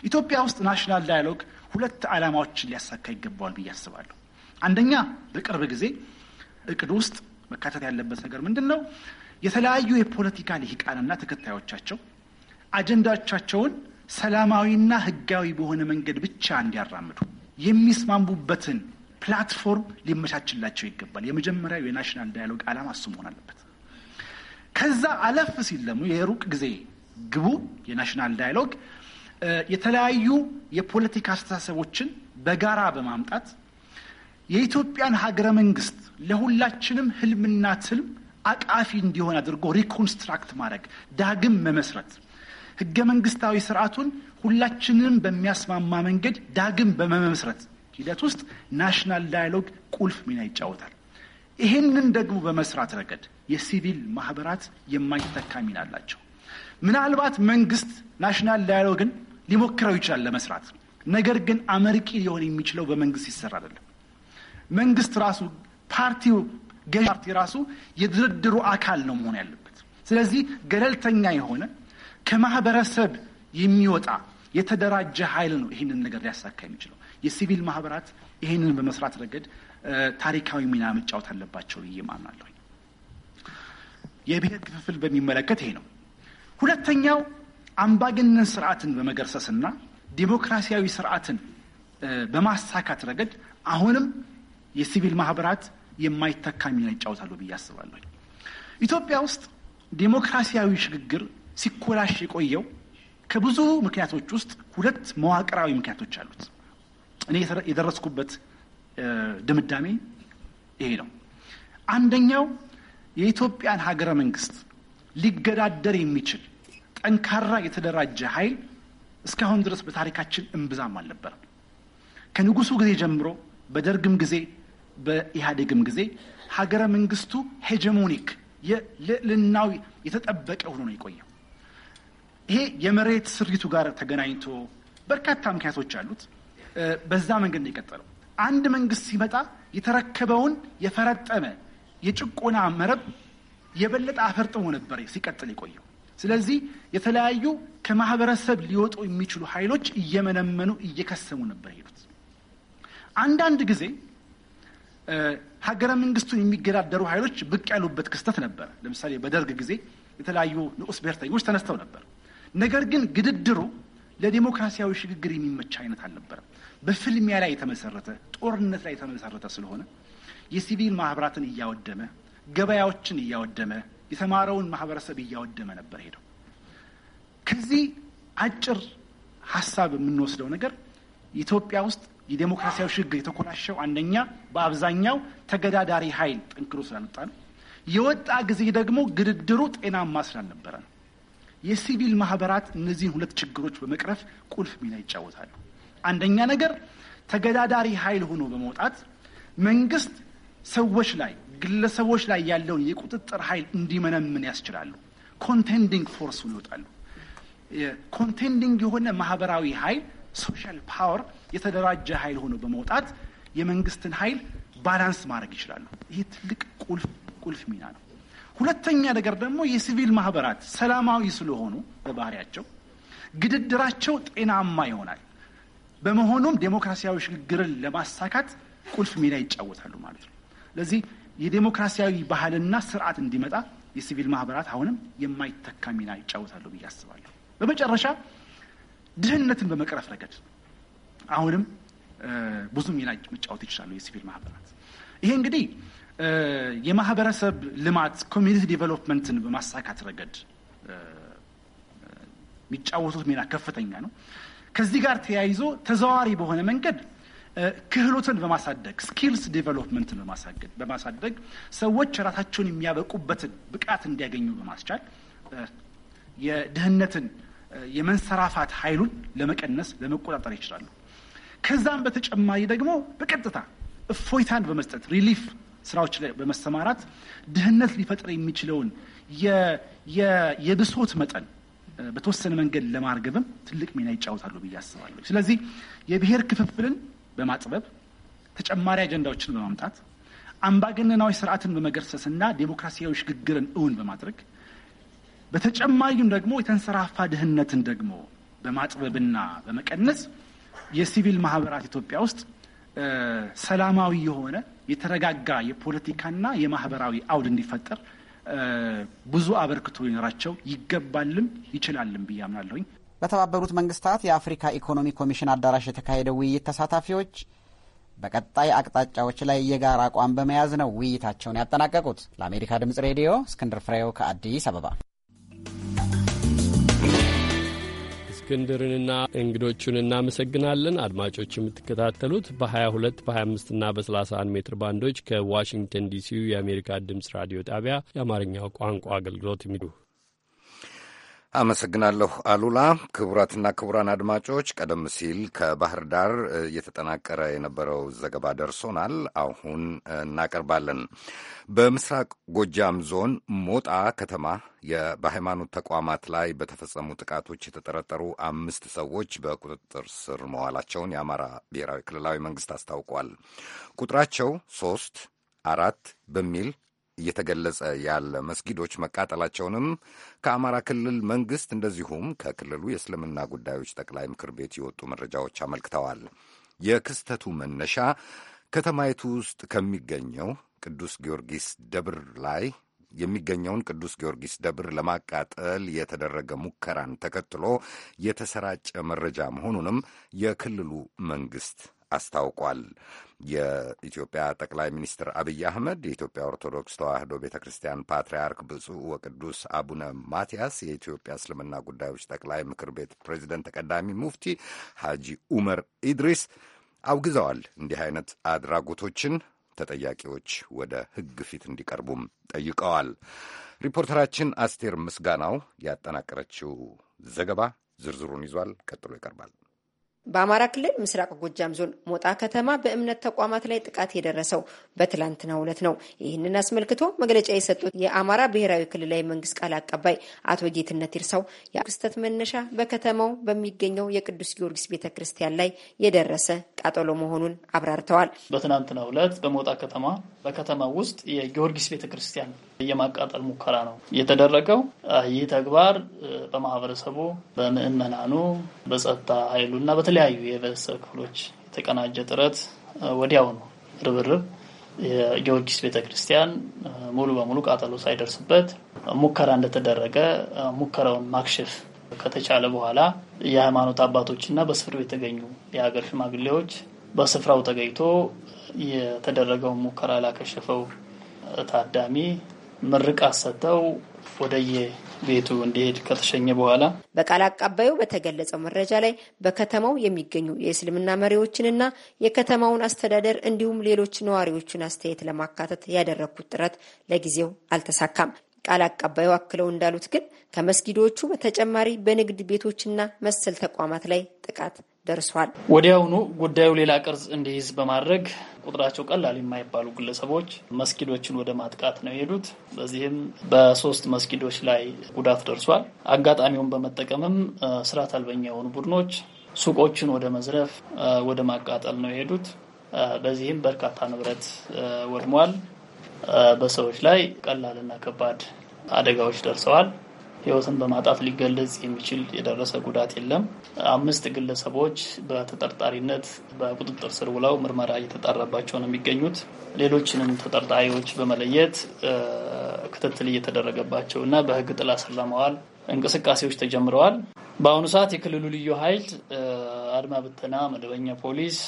ኢትዮጵያ ውስጥ ናሽናል ዳያሎግ ሁለት ዓላማዎችን ሊያሳካ ይገባዋል ብዬ አስባለሁ። አንደኛ በቅርብ ጊዜ እቅድ ውስጥ መካተት ያለበት ነገር ምንድን ነው? የተለያዩ የፖለቲካ ልሂቃንና ተከታዮቻቸው አጀንዳዎቻቸውን ሰላማዊና ህጋዊ በሆነ መንገድ ብቻ እንዲያራምዱ የሚስማሙበትን ፕላትፎርም ሊመቻችላቸው ይገባል። የመጀመሪያው የናሽናል ዳያሎግ ዓላማ እሱ መሆን አለበት። ከዛ አለፍ ሲል ደግሞ የሩቅ ጊዜ ግቡ የናሽናል ዳያሎግ የተለያዩ የፖለቲካ አስተሳሰቦችን በጋራ በማምጣት የኢትዮጵያን ሀገረ መንግስት ለሁላችንም ህልምና ትልም አቃፊ እንዲሆን አድርጎ ሪኮንስትራክት ማድረግ ዳግም መመስረት ህገ መንግስታዊ ስርዓቱን ሁላችንም በሚያስማማ መንገድ ዳግም በመመስረት ሂደት ውስጥ ናሽናል ዳያሎግ ቁልፍ ሚና ይጫወታል። ይህንን ደግሞ በመስራት ረገድ የሲቪል ማህበራት የማይተካ ሚና አላቸው። ምናልባት መንግስት ናሽናል ዳያሎግን ሊሞክረው ይችላል ለመስራት። ነገር ግን አመርቂ ሊሆን የሚችለው በመንግስት ይሰራ አይደለም። መንግስት ራሱ ፓርቲው ገዢ ፓርቲ ራሱ የድርድሩ አካል ነው መሆን ያለበት። ስለዚህ ገለልተኛ የሆነ ከማህበረሰብ የሚወጣ የተደራጀ ኃይል ነው ይህንን ነገር ሊያሳካ የሚችለው። የሲቪል ማህበራት ይህንን በመስራት ረገድ ታሪካዊ ሚና መጫወት አለባቸው ብዬ ማምናለሁ። የብሔር ክፍፍል በሚመለከት ይሄ ነው። ሁለተኛው አምባገነን ስርዓትን በመገርሰስና ዲሞክራሲያዊ ስርዓትን በማሳካት ረገድ አሁንም የሲቪል ማህበራት የማይተካ ሚና ይጫወታሉ ብዬ አስባለሁ። ኢትዮጵያ ውስጥ ዴሞክራሲያዊ ሽግግር ሲኮላሽ የቆየው ከብዙ ምክንያቶች ውስጥ ሁለት መዋቅራዊ ምክንያቶች አሉት። እኔ የደረስኩበት ድምዳሜ ይሄ ነው። አንደኛው የኢትዮጵያን ሀገረ መንግስት ሊገዳደር የሚችል ጠንካራ የተደራጀ ኃይል እስካሁን ድረስ በታሪካችን እምብዛም አልነበረም። ከንጉሱ ጊዜ ጀምሮ በደርግም ጊዜ በኢህአዴግም ጊዜ ሀገረ መንግስቱ ሄጀሞኒክ የልዕልናው የተጠበቀ ሆኖ ነው የቆየው። ይሄ የመሬት ስሪቱ ጋር ተገናኝቶ በርካታ ምክንያቶች አሉት። በዛ መንገድ ነው የቀጠለው። አንድ መንግስት ሲመጣ የተረከበውን የፈረጠመ የጭቆና መረብ የበለጠ አፈርጥሞ ነበር ሲቀጥል የቆየው። ስለዚህ የተለያዩ ከማህበረሰብ ሊወጡ የሚችሉ ኃይሎች እየመነመኑ እየከሰሙ ነበር ሄዱት። አንዳንድ ጊዜ ሀገረ መንግስቱን የሚገዳደሩ ኃይሎች ብቅ ያሉበት ክስተት ነበር። ለምሳሌ በደርግ ጊዜ የተለያዩ ንዑስ ብሔርተኞች ተነስተው ነበር። ነገር ግን ግድድሩ ለዲሞክራሲያዊ ሽግግር የሚመች አይነት አልነበረም። በፍልሚያ ላይ የተመሰረተ ጦርነት ላይ የተመሰረተ ስለሆነ የሲቪል ማህበራትን እያወደመ ገበያዎችን እያወደመ የተማረውን ማህበረሰብ እያወደመ ነበር ሄደው። ከዚህ አጭር ሀሳብ የምንወስደው ነገር ኢትዮጵያ ውስጥ የዴሞክራሲያዊ ሽግግር የተኮላሸው አንደኛ በአብዛኛው ተገዳዳሪ ኃይል ጠንክሮ ስላልወጣ ነው። የወጣ ጊዜ ደግሞ ግድድሩ ጤናማ ስላልነበረ ነው። የሲቪል ማህበራት እነዚህን ሁለት ችግሮች በመቅረፍ ቁልፍ ሚና ይጫወታሉ። አንደኛ ነገር ተገዳዳሪ ኃይል ሆኖ በመውጣት መንግስት ሰዎች ላይ ግለሰቦች ላይ ያለውን የቁጥጥር ኃይል እንዲመነምን ያስችላሉ። ኮንቴንዲንግ ፎርስ ይወጣሉ። ኮንቴንዲንግ የሆነ ማህበራዊ ኃይል ሶሻል ፓወር የተደራጀ ኃይል ሆኖ በመውጣት የመንግስትን ኃይል ባላንስ ማድረግ ይችላሉ። ይህ ትልቅ ቁልፍ ቁልፍ ሚና ነው። ሁለተኛ ነገር ደግሞ የሲቪል ማህበራት ሰላማዊ ስለሆኑ በባህሪያቸው ግድድራቸው ጤናማ ይሆናል። በመሆኑም ዴሞክራሲያዊ ሽግግርን ለማሳካት ቁልፍ ሚና ይጫወታሉ ማለት ነው። ለዚህ የዴሞክራሲያዊ ባህልና ስርዓት እንዲመጣ የሲቪል ማህበራት አሁንም የማይተካ ሚና ይጫወታሉ ብዬ አስባለሁ። በመጨረሻ ድህነትን በመቅረፍ ረገድ አሁንም ብዙ ሚና መጫወት ይችላሉ የሲቪል ማህበራት። ይሄ እንግዲህ የማህበረሰብ ልማት ኮሚኒቲ ዲቨሎፕመንትን በማሳካት ረገድ የሚጫወቱት ሚና ከፍተኛ ነው። ከዚህ ጋር ተያይዞ ተዘዋዋሪ በሆነ መንገድ ክህሎትን በማሳደግ ስኪልስ ዲቨሎፕመንትን በማሳደግ ሰዎች ራሳቸውን የሚያበቁበትን ብቃት እንዲያገኙ በማስቻል የድህነትን የመንሰራፋት ኃይሉን ለመቀነስ ለመቆጣጠር ይችላሉ። ከዛም በተጨማሪ ደግሞ በቀጥታ እፎይታን በመስጠት ሪሊፍ ስራዎች ላይ በመሰማራት ድህነት ሊፈጥር የሚችለውን የብሶት መጠን በተወሰነ መንገድ ለማርገብም ትልቅ ሚና ይጫወታሉ ብዬ አስባለሁ። ስለዚህ የብሔር ክፍፍልን በማጥበብ ተጨማሪ አጀንዳዎችን በማምጣት አምባገነናዊ ስርዓትን በመገርሰስና ዴሞክራሲያዊ ሽግግርን እውን በማድረግ በተጨማሪም ደግሞ የተንሰራፋ ድህነትን ደግሞ በማጥበብና በመቀነስ የሲቪል ማህበራት ኢትዮጵያ ውስጥ ሰላማዊ የሆነ የተረጋጋ የፖለቲካና የማህበራዊ አውድ እንዲፈጠር ብዙ አበርክቶ ሊኖራቸው ይገባልም ይችላልም ብዬ አምናለሁኝ። በተባበሩት መንግስታት የአፍሪካ ኢኮኖሚ ኮሚሽን አዳራሽ የተካሄደው ውይይት ተሳታፊዎች በቀጣይ አቅጣጫዎች ላይ የጋራ አቋም በመያዝ ነው ውይይታቸውን ያጠናቀቁት። ለአሜሪካ ድምጽ ሬዲዮ እስክንድር ፍሬው ከአዲስ አበባ እስክንድርንና እንግዶቹን እናመሰግናለን። አድማጮች የምትከታተሉት በ22 በ25ና በ31 ሜትር ባንዶች ከዋሽንግተን ዲሲው የአሜሪካ ድምፅ ራዲዮ ጣቢያ የአማርኛው ቋንቋ አገልግሎት የሚ አመሰግናለሁ አሉላ። ክቡራትና ክቡራን አድማጮች ቀደም ሲል ከባህር ዳር እየተጠናቀረ የነበረው ዘገባ ደርሶናል፣ አሁን እናቀርባለን። በምስራቅ ጎጃም ዞን ሞጣ ከተማ በሃይማኖት ተቋማት ላይ በተፈጸሙ ጥቃቶች የተጠረጠሩ አምስት ሰዎች በቁጥጥር ስር መዋላቸውን የአማራ ብሔራዊ ክልላዊ መንግስት አስታውቋል። ቁጥራቸው ሶስት አራት በሚል እየተገለጸ ያለ መስጊዶች መቃጠላቸውንም ከአማራ ክልል መንግሥት እንደዚሁም ከክልሉ የእስልምና ጉዳዮች ጠቅላይ ምክር ቤት የወጡ መረጃዎች አመልክተዋል። የክስተቱ መነሻ ከተማይቱ ውስጥ ከሚገኘው ቅዱስ ጊዮርጊስ ደብር ላይ የሚገኘውን ቅዱስ ጊዮርጊስ ደብር ለማቃጠል የተደረገ ሙከራን ተከትሎ የተሰራጨ መረጃ መሆኑንም የክልሉ መንግሥት አስታውቋል። የኢትዮጵያ ጠቅላይ ሚኒስትር አብይ አህመድ፣ የኢትዮጵያ ኦርቶዶክስ ተዋህዶ ቤተ ክርስቲያን ፓትርያርክ ብፁዕ ወቅዱስ አቡነ ማትያስ፣ የኢትዮጵያ እስልምና ጉዳዮች ጠቅላይ ምክር ቤት ፕሬዚደንት ተቀዳሚ ሙፍቲ ሐጂ ኡመር ኢድሪስ አውግዘዋል። እንዲህ አይነት አድራጎቶችን ተጠያቂዎች ወደ ሕግ ፊት እንዲቀርቡም ጠይቀዋል። ሪፖርተራችን አስቴር ምስጋናው ያጠናቀረችው ዘገባ ዝርዝሩን ይዟል። ቀጥሎ ይቀርባል። በአማራ ክልል ምስራቅ ጎጃም ዞን ሞጣ ከተማ በእምነት ተቋማት ላይ ጥቃት የደረሰው በትላንትናው ዕለት ነው። ይህንን አስመልክቶ መግለጫ የሰጡት የአማራ ብሔራዊ ክልላዊ መንግስት ቃል አቀባይ አቶ ጌትነት ይርሳው የክስተት መነሻ በከተማው በሚገኘው የቅዱስ ጊዮርጊስ ቤተ ክርስቲያን ላይ የደረሰ ቃጠሎ መሆኑን አብራርተዋል። በትናንትናው ዕለት በሞጣ ከተማ በከተማ ውስጥ የጊዮርጊስ ቤተ ክርስቲያን የማቃጠል ሙከራ ነው የተደረገው። ይህ ተግባር በማህበረሰቡ፣ በምዕመናኑ፣ በጸጥታ ኃይሉና በተለያዩ የህብረተሰብ ክፍሎች የተቀናጀ ጥረት ወዲያው ነው ርብርብ የጊዮርጊስ ቤተ ክርስቲያን ሙሉ በሙሉ ቃጠሎ ሳይደርስበት ሙከራ እንደተደረገ ሙከራውን ማክሸፍ ከተቻለ በኋላ የሃይማኖት አባቶችና በስፍራው የተገኙ የሀገር ሽማግሌዎች በስፍራው ተገኝቶ የተደረገውን ሙከራ ላከሸፈው ታዳሚ ምርቃት ሰጥተው ወደየ ቤቱ እንዲሄድ ከተሸኘ በኋላ በቃል አቀባዩ በተገለጸው መረጃ ላይ በከተማው የሚገኙ የእስልምና መሪዎችንና የከተማውን አስተዳደር እንዲሁም ሌሎች ነዋሪዎችን አስተያየት ለማካተት ያደረግኩት ጥረት ለጊዜው አልተሳካም። ቃል አቀባዩ አክለው እንዳሉት ግን ከመስጊዶቹ በተጨማሪ በንግድ ቤቶችና መሰል ተቋማት ላይ ጥቃት ደርሷል። ወዲያውኑ ጉዳዩ ሌላ ቅርጽ እንዲይዝ በማድረግ ቁጥራቸው ቀላል የማይባሉ ግለሰቦች መስጊዶችን ወደ ማጥቃት ነው የሄዱት። በዚህም በሶስት መስጊዶች ላይ ጉዳት ደርሷል። አጋጣሚውን በመጠቀምም ስርዓት አልበኛ የሆኑ ቡድኖች ሱቆችን ወደ መዝረፍ፣ ወደ ማቃጠል ነው የሄዱት። በዚህም በርካታ ንብረት ወድሟል። በሰዎች ላይ ቀላልና ከባድ አደጋዎች ደርሰዋል። ህይወትን በማጣት ሊገለጽ የሚችል የደረሰ ጉዳት የለም። አምስት ግለሰቦች በተጠርጣሪነት በቁጥጥር ስር ውለው ምርመራ እየተጣራባቸው ነው የሚገኙት። ሌሎችንም ተጠርጣሪዎች በመለየት ክትትል እየተደረገባቸው እና በህግ ጥላ ስር ለማዋል እንቅስቃሴዎች ተጀምረዋል። በአሁኑ ሰዓት የክልሉ ልዩ ኃይል አድማ ብተና፣ መደበኛ ፖሊስ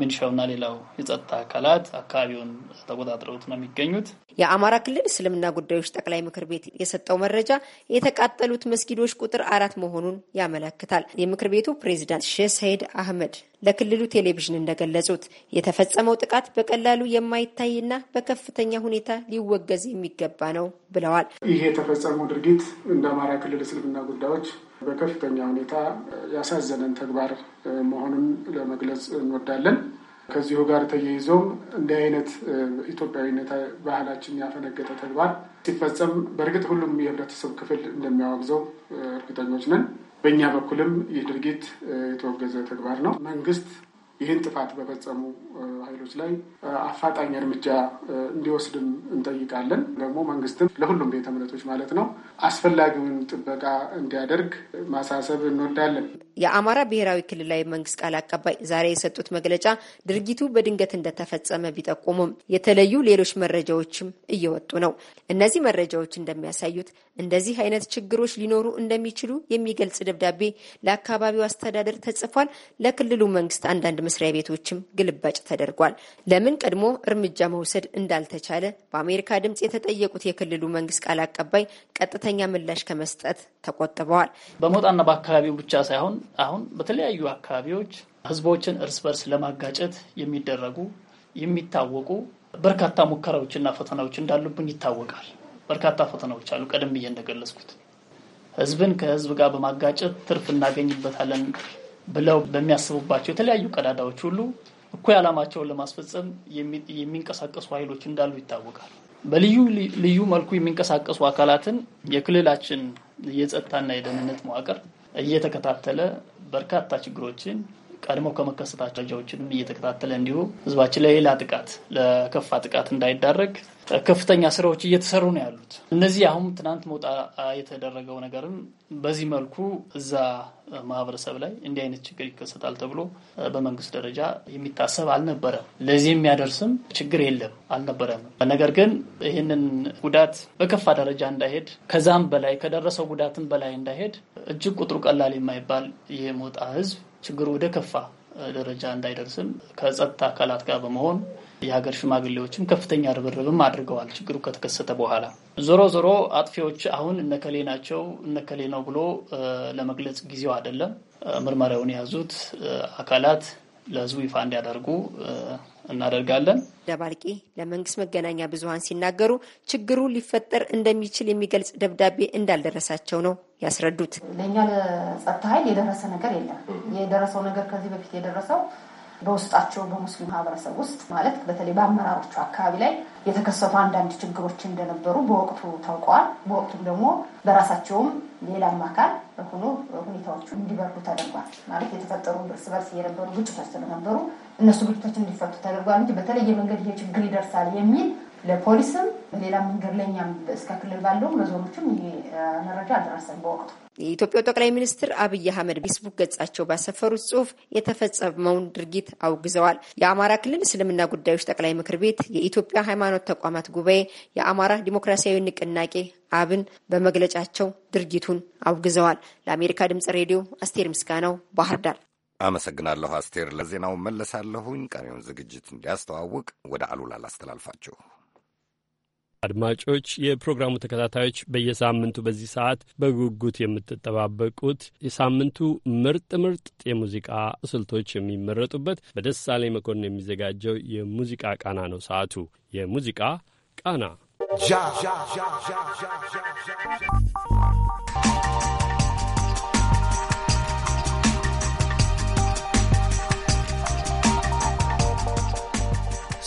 ሚሊሻውና ሌላው የጸጥታ አካላት አካባቢውን ተቆጣጥረውት ነው የሚገኙት። የአማራ ክልል እስልምና ጉዳዮች ጠቅላይ ምክር ቤት የሰጠው መረጃ የተቃጠሉት መስጊዶች ቁጥር አራት መሆኑን ያመለክታል። የምክር ቤቱ ፕሬዚዳንት ሼህ ሰይድ አህመድ ለክልሉ ቴሌቪዥን እንደገለጹት የተፈጸመው ጥቃት በቀላሉ የማይታይና በከፍተኛ ሁኔታ ሊወገዝ የሚገባ ነው ብለዋል። ይህ የተፈጸመው ድርጊት እንደ አማራ ክልል እስልምና ጉዳዮች በከፍተኛ ሁኔታ ያሳዘነን ተግባር መሆኑን ለመግለጽ እንወዳለን። ከዚሁ ጋር ተያይዞም እንዲህ አይነት ኢትዮጵያዊነት ባህላችን ያፈነገጠ ተግባር ሲፈጸም በእርግጥ ሁሉም የህብረተሰብ ክፍል እንደሚያወግዘው እርግጠኞች ነን። በእኛ በኩልም ይህ ድርጊት የተወገዘ ተግባር ነው። መንግስት ይህን ጥፋት በፈጸሙ ኃይሎች ላይ አፋጣኝ እርምጃ እንዲወስድም እንጠይቃለን። ደግሞ መንግስትም ለሁሉም ቤተ እምነቶች ማለት ነው አስፈላጊውን ጥበቃ እንዲያደርግ ማሳሰብ እንወዳለን። የአማራ ብሔራዊ ክልላዊ መንግስት ቃል አቀባይ ዛሬ የሰጡት መግለጫ ድርጊቱ በድንገት እንደተፈጸመ ቢጠቁሙም የተለዩ ሌሎች መረጃዎችም እየወጡ ነው። እነዚህ መረጃዎች እንደሚያሳዩት እንደዚህ አይነት ችግሮች ሊኖሩ እንደሚችሉ የሚገልጽ ደብዳቤ ለአካባቢው አስተዳደር ተጽፏል። ለክልሉ መንግስት አንዳንድ መስሪያ ቤቶችም ግልባጭ ተደርጓል። ለምን ቀድሞ እርምጃ መውሰድ እንዳልተቻለ በአሜሪካ ድምጽ የተጠየቁት የክልሉ መንግስት ቃል አቀባይ ቀጥተኛ ምላሽ ከመስጠት ተቆጥበዋል። በሞጣና በአካባቢው ብቻ ሳይሆን አሁን በተለያዩ አካባቢዎች ህዝቦችን እርስ በርስ ለማጋጨት የሚደረጉ የሚታወቁ በርካታ ሙከራዎችና ፈተናዎች እንዳሉብን ይታወቃል። በርካታ ፈተናዎች አሉ። ቀደም ብዬ እንደገለጽኩት ህዝብን ከህዝብ ጋር በማጋጨት ትርፍ እናገኝበታለን ብለው በሚያስቡባቸው የተለያዩ ቀዳዳዎች ሁሉ እኩይ ዓላማቸውን ለማስፈጸም የሚንቀሳቀሱ ኃይሎች እንዳሉ ይታወቃል። በልዩ ልዩ መልኩ የሚንቀሳቀሱ አካላትን የክልላችን የጸጥታና የደህንነት መዋቅር እየተከታተለ በርካታ ችግሮችን ቀድሞ ከመከሰታቸው ጃዎችንም እየተከታተለ እንዲሁ ህዝባችን ለሌላ ጥቃት ለከፋ ጥቃት እንዳይዳረግ ከፍተኛ ስራዎች እየተሰሩ ነው ያሉት። እነዚህ አሁን ትናንት መውጣ የተደረገው ነገርም በዚህ መልኩ እዛ ማህበረሰብ ላይ እንዲህ አይነት ችግር ይከሰታል ተብሎ በመንግስት ደረጃ የሚታሰብ አልነበረም። ለዚህ የሚያደርስም ችግር የለም አልነበረም። ነገር ግን ይህንን ጉዳት በከፋ ደረጃ እንዳይሄድ ከዛም በላይ ከደረሰው ጉዳትም በላይ እንዳይሄድ እጅግ ቁጥሩ ቀላል የማይባል የሞጣ ህዝብ ችግሩ ወደ ከፋ ደረጃ እንዳይደርስም ከጸጥታ አካላት ጋር በመሆን የሀገር ሽማግሌዎችም ከፍተኛ ርብርብም አድርገዋል። ችግሩ ከተከሰተ በኋላ ዞሮ ዞሮ አጥፊዎች አሁን እነከሌ ናቸው እነከሌ ነው ብሎ ለመግለጽ ጊዜው አይደለም። ምርመራውን የያዙት አካላት ለሕዝቡ ይፋ እንዲያደርጉ እናደርጋለን። ደባርቂ ለመንግስት መገናኛ ብዙኃን ሲናገሩ ችግሩ ሊፈጠር እንደሚችል የሚገልጽ ደብዳቤ እንዳልደረሳቸው ነው ያስረዱት። ለእኛ ለጸጥታ ኃይል የደረሰ ነገር የለም። የደረሰው ነገር ከዚህ በፊት የደረሰው በውስጣቸው በሙስሊም ማህበረሰብ ውስጥ ማለት በተለይ በአመራሮቹ አካባቢ ላይ የተከሰቱ አንዳንድ ችግሮች እንደነበሩ በወቅቱ ታውቀዋል። በወቅቱም ደግሞ በራሳቸውም ሌላም አካል ሆኖ ሁኔታዎቹ እንዲበርዱ ተደርጓል። ማለት የተፈጠሩ እርስ በርስ የነበሩ ግጭቶች ስለነበሩ እነሱ ግጭቶች እንዲፈቱ ተደርጓል እንጂ በተለየ መንገድ ይሄ ችግር ይደርሳል የሚል ለፖሊስም ሌላ መንገድ ለእኛም እስከ ክልል ባለውም ለዞኖችም ይሄ መረጃ አልደረሰም በወቅቱ የኢትዮጵያው ጠቅላይ ሚኒስትር አብይ አህመድ ፌስቡክ ገጻቸው ባሰፈሩት ጽሁፍ የተፈጸመውን ድርጊት አውግዘዋል። የአማራ ክልል እስልምና ጉዳዮች ጠቅላይ ምክር ቤት፣ የኢትዮጵያ ሃይማኖት ተቋማት ጉባኤ፣ የአማራ ዲሞክራሲያዊ ንቅናቄ አብን በመግለጫቸው ድርጊቱን አውግዘዋል። ለአሜሪካ ድምጽ ሬዲዮ አስቴር ምስጋናው ባህር ዳር። አመሰግናለሁ አስቴር። ለዜናው መለሳለሁኝ። ቀሪውን ዝግጅት እንዲያስተዋውቅ ወደ አሉላ ላስተላልፋችሁ። አድማጮች፣ የፕሮግራሙ ተከታታዮች በየሳምንቱ በዚህ ሰዓት በጉጉት የምትጠባበቁት የሳምንቱ ምርጥ ምርጥ የሙዚቃ ስልቶች የሚመረጡበት በደሳለኝ መኮንን የሚዘጋጀው የሙዚቃ ቃና ነው። ሰዓቱ የሙዚቃ ቃና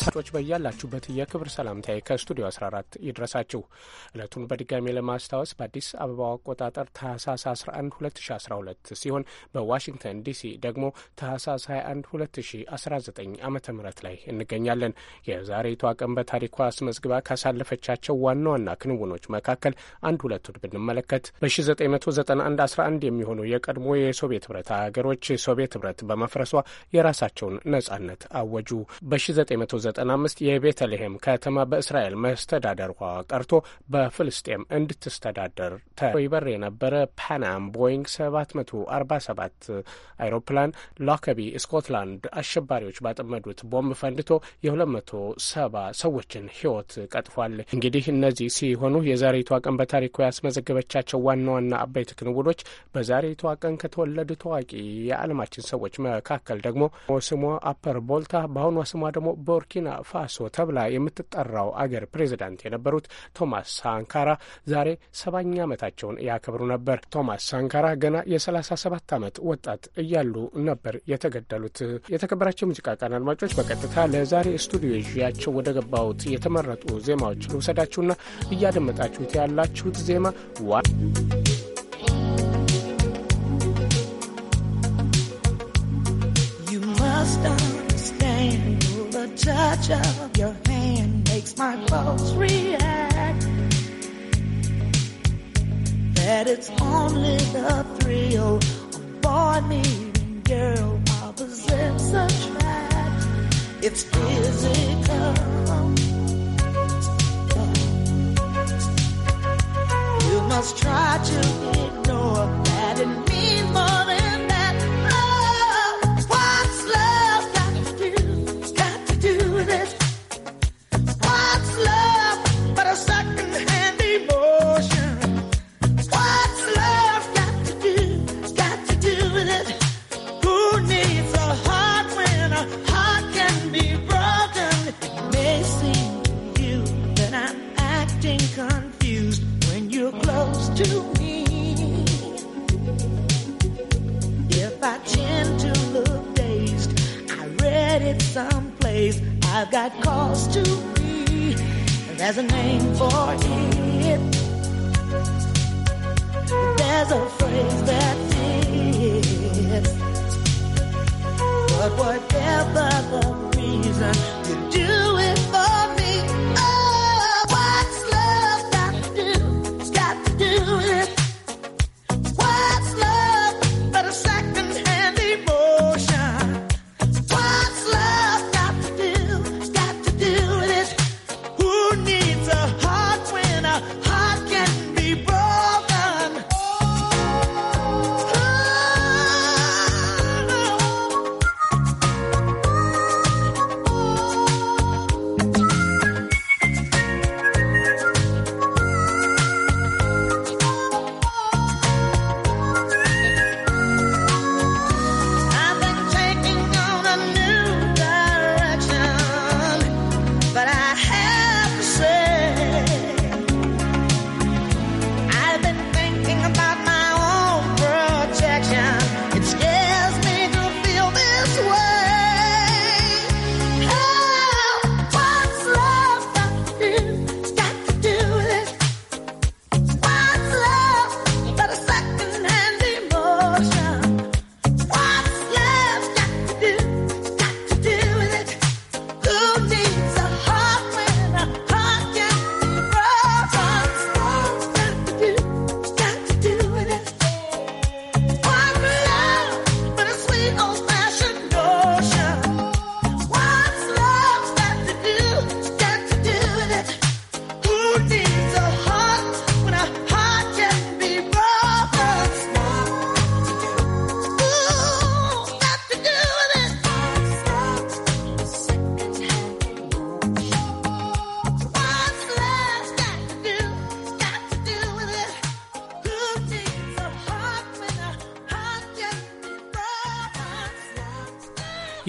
አድማጮች በያላችሁበት የክብር ሰላምታዬ ከስቱዲዮ 14 ይድረሳችሁ። ዕለቱን በድጋሚ ለማስታወስ በአዲስ አበባ አቆጣጠር ታህሳስ 11 2012 ሲሆን በዋሽንግተን ዲሲ ደግሞ ታህሳስ 21 2019 ዓ ም ላይ እንገኛለን። የዛሬቷ ቀን በታሪኳ አስመዝግባ ካሳለፈቻቸው ዋና ዋና ክንውኖች መካከል አንድ ሁለቱን ብንመለከት በ1991 11 የሚሆኑ የቀድሞ የሶቪየት ህብረት ሀገሮች ሶቪየት ህብረት በመፍረሷ የራሳቸውን ነጻነት አወጁ። በ 95 የቤተልሔም ከተማ በእስራኤል መስተዳደር ቀርቶ በፍልስጤም እንድትስተዳደር ተይበር የነበረ ፓናም ቦይንግ 747 አይሮፕላን ሎከቢ ስኮትላንድ አሸባሪዎች ባጠመዱት ቦምብ ፈንድቶ የ270 ሰዎችን ሕይወት ቀጥፏል። እንግዲህ እነዚህ ሲሆኑ የዛሬቷ ቀን በታሪኩ ያስመዘገበቻቸው ዋና ዋና አበይት ክንውሎች በዛሬቷ ቀን ከተወለዱ ታዋቂ የዓለማችን ሰዎች መካከል ደግሞ ስሟ አፐር ቦልታ በአሁኗ ስሟ ደግሞ ቦርኪና ቡርኪና ፋሶ ተብላ የምትጠራው አገር ፕሬዚዳንት የነበሩት ቶማስ ሳንካራ ዛሬ ሰባኛ ዓመታቸውን ያከብሩ ነበር። ቶማስ ሳንካራ ገና የሰላሳ ሰባት ዓመት ወጣት እያሉ ነበር የተገደሉት። የተከበራቸው ሙዚቃ ቃን አድማጮች፣ በቀጥታ ለዛሬ ስቱዲዮ ይዤያቸው ወደ ገባሁት የተመረጡ ዜማዎች ልውሰዳችሁና እያደመጣችሁት ያላችሁት ዜማ ዋ must understand the touch of your hand makes my pulse react. That it's only the thrill of boy meeting girl opposites attract. It's physical. You must try to ignore that it means more than. got cause to be. There's a name for it. There's a phrase that's it. But whatever the reason, you do.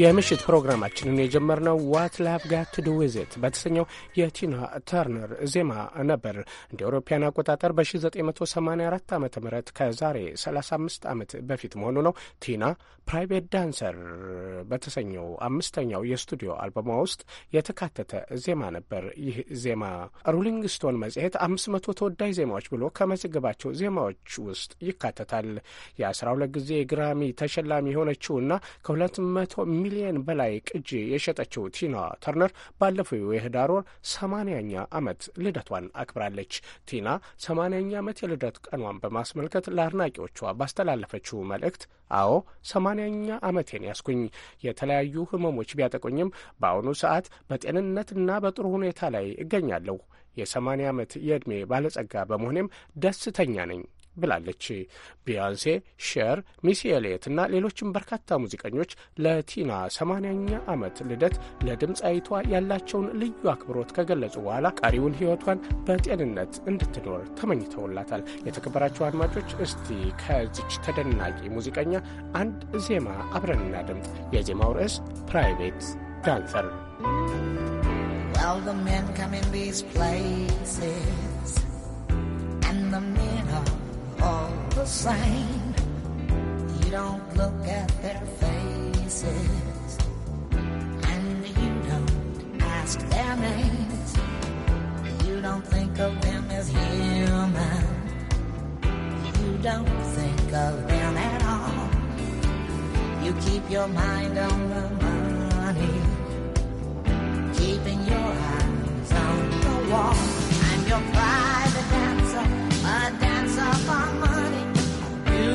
የምሽት ፕሮግራማችንን የጀመርነው ዋት ላቭ ጋት ቱ ዱ በተሰኘው የቲና ተርነር ዜማ ነበር። እንደ አውሮፓውያን አቆጣጠር በ1984 ዓ ም ከዛሬ 35 ዓመት በፊት መሆኑ ነው። ቲና ፕራይቬት ዳንሰር በተሰኘው አምስተኛው የስቱዲዮ አልበሟ ውስጥ የተካተተ ዜማ ነበር። ይህ ዜማ ሩሊንግ ስቶን መጽሔት 500 ተወዳጅ ዜማዎች ብሎ ከመዘገባቸው ዜማዎች ውስጥ ይካተታል። የ12 ጊዜ ግራሚ ተሸላሚ የሆነችውና ከ200 ሚሊ ሚሊየን በላይ ቅጂ የሸጠችው ቲና ተርነር ባለፈው የህዳር ወር ሰማንያኛ ዓመት ልደቷን አክብራለች። ቲና ሰማንያኛ ዓመት የልደት ቀኗን በማስመልከት ለአድናቂዎቿ ባስተላለፈችው መልእክት አዎ ሰማንያኛ ዓመቴን ያስኩኝ የተለያዩ ህመሞች ቢያጠቁኝም በአሁኑ ሰዓት በጤንነትና በጥሩ ሁኔታ ላይ እገኛለሁ። የሰማንያ ዓመት የዕድሜ ባለጸጋ በመሆኔም ደስተኛ ነኝ ብላለች። ቢያንሴ፣ ሼር፣ ሚስ ኤልየት እና ሌሎችም በርካታ ሙዚቀኞች ለቲና 8 ኛ ዓመት ልደት ለድምፃዊቷ ያላቸውን ልዩ አክብሮት ከገለጹ በኋላ ቀሪውን ሕይወቷን በጤንነት እንድትኖር ተመኝተውላታል። የተከበራቸው አድማጮች፣ እስቲ ከዚች ተደናቂ ሙዚቀኛ አንድ ዜማ አብረን እናድምጥ። የዜማው ርዕስ ፕራይቬት ዳንሰር Well, the men come in these places, and the men are same. You don't look at their faces, and you don't ask their names. You don't think of them as human. You don't think of them at all. You keep your mind on the money, keeping your eyes on the wall. I'm your private dancer, a dancer for money.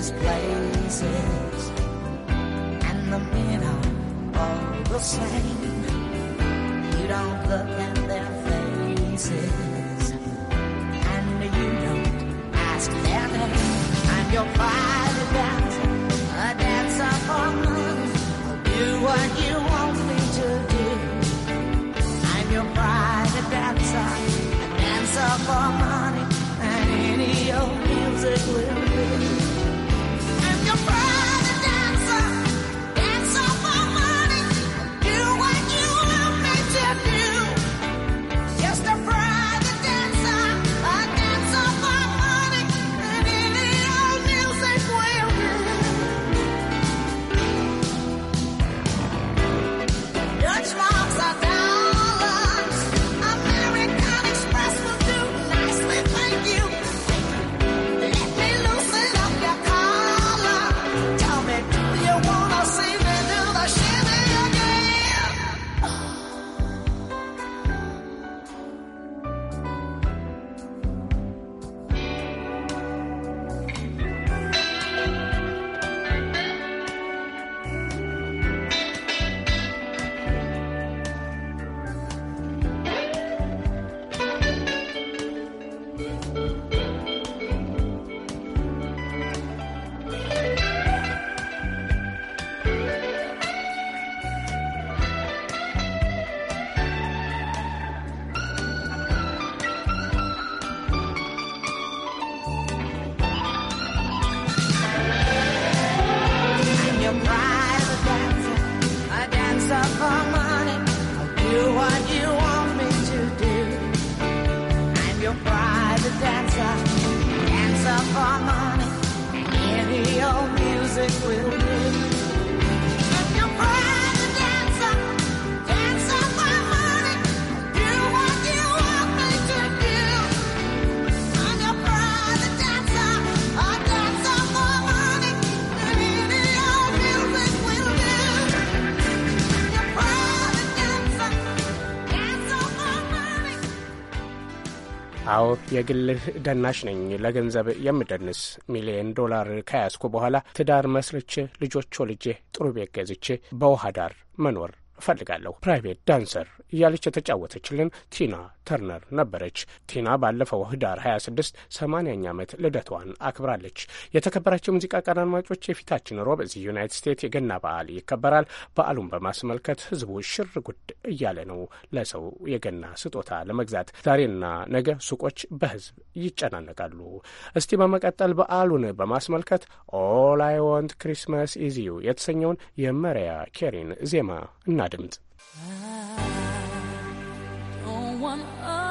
these places and the men are all the same. You don't look in their faces. sacred አዎ የግል ደናሽ ነኝ። ለገንዘብ የምደንስ ሚሊየን ዶላር ከያዝኩ በኋላ ትዳር መስርቼ ልጆች ወልጄ ጥሩ ቤት ገዝቼ በውሃ ዳር መኖር እፈልጋለሁ ፕራይቬት ዳንሰር እያለች የተጫወተችልን ቲና ተርነር ነበረች። ቲና ባለፈው ህዳር 26 ሰማንያኛ ዓመት ልደቷን አክብራለች። የተከበራቸው የሙዚቃ ቀን አድማጮች፣ የፊታችን ሮብ እዚህ ዩናይትድ ስቴትስ የገና በዓል ይከበራል። በዓሉን በማስመልከት ህዝቡ ሽር ጉድ እያለ ነው ለሰው የገና ስጦታ ለመግዛት። ዛሬና ነገ ሱቆች በህዝብ ይጨናነቃሉ። እስቲ በመቀጠል በዓሉን በማስመልከት ኦል አይ ወንት ክሪስማስ ኢዝ ዩ የተሰኘውን የመሪያ ኬሪን ዜማ እና I don't want a...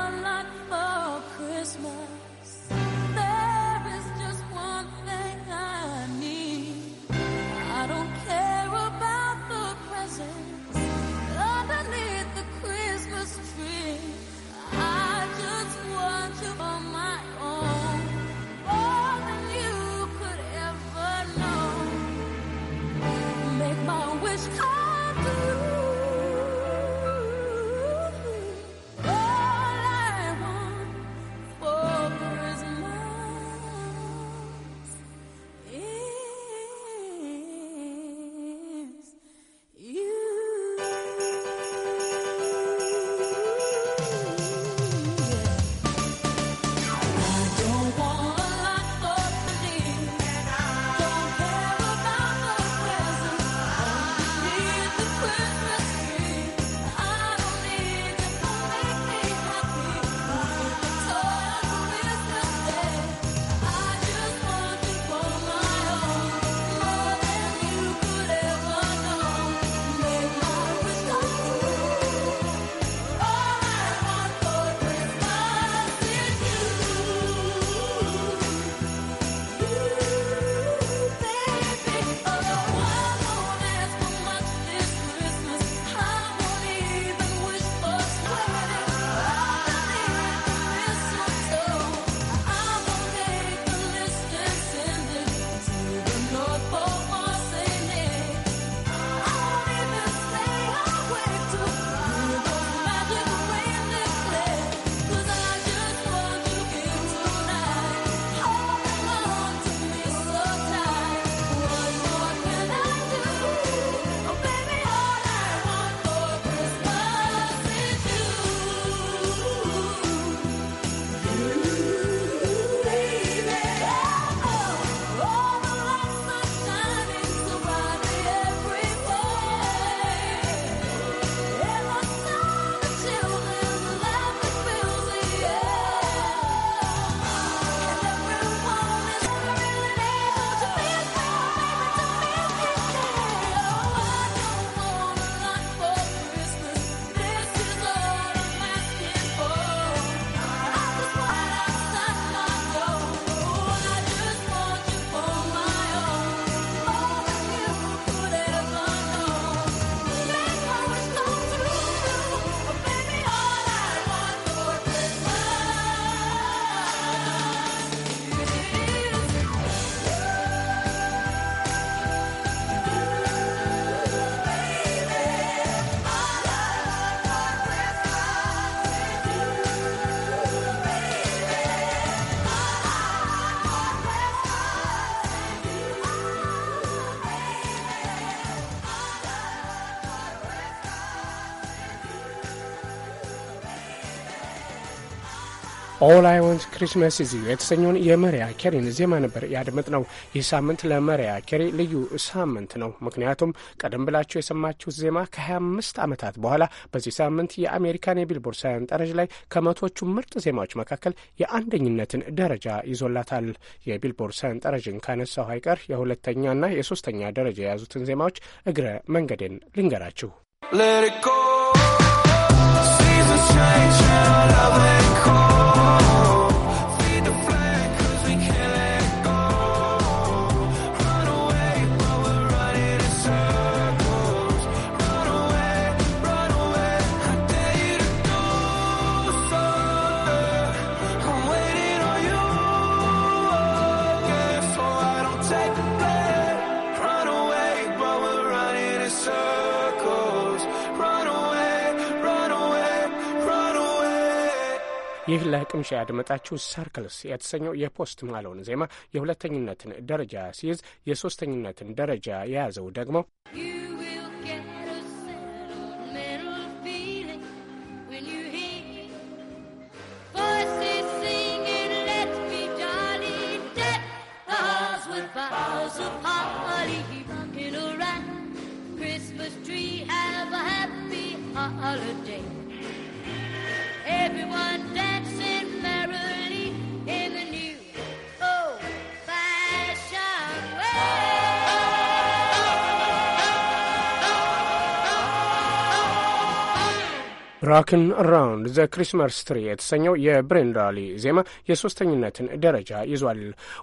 ኦል አይ ወንት ክሪስማስ ኢዝ ዩ የተሰኘውን የመሪያ ኬሪን ዜማ ነበር ያድመጥ ነው። ይህ ሳምንት ለመሪያ ኬሪ ልዩ ሳምንት ነው። ምክንያቱም ቀደም ብላችሁ የሰማችሁት ዜማ ከ25 ዓመታት በኋላ በዚህ ሳምንት የአሜሪካን የቢልቦርድ ሰንጠረዥ ላይ ከመቶቹ ምርጥ ዜማዎች መካከል የአንደኝነትን ደረጃ ይዞላታል። የቢልቦርድ ሰንጠረዥን ካነሳው አይቀር የሁለተኛና የሶስተኛ ደረጃ የያዙትን ዜማዎች እግረ መንገዴን ልንገራችሁ። Let it go. Seasons change and let it go. ይህ ለቅምሻ ያደመጣችሁ ሰርክልስ የተሰኘው የፖስት ማለውን ዜማ የሁለተኝነትን ደረጃ ሲይዝ የሶስተኝነትን ደረጃ የያዘው ደግሞ ራክን ራውንድ ዘ ክሪስማስ ትሪ የተሰኘው የብሬንዳሊ ዜማ የሶስተኝነትን ደረጃ ይዟል።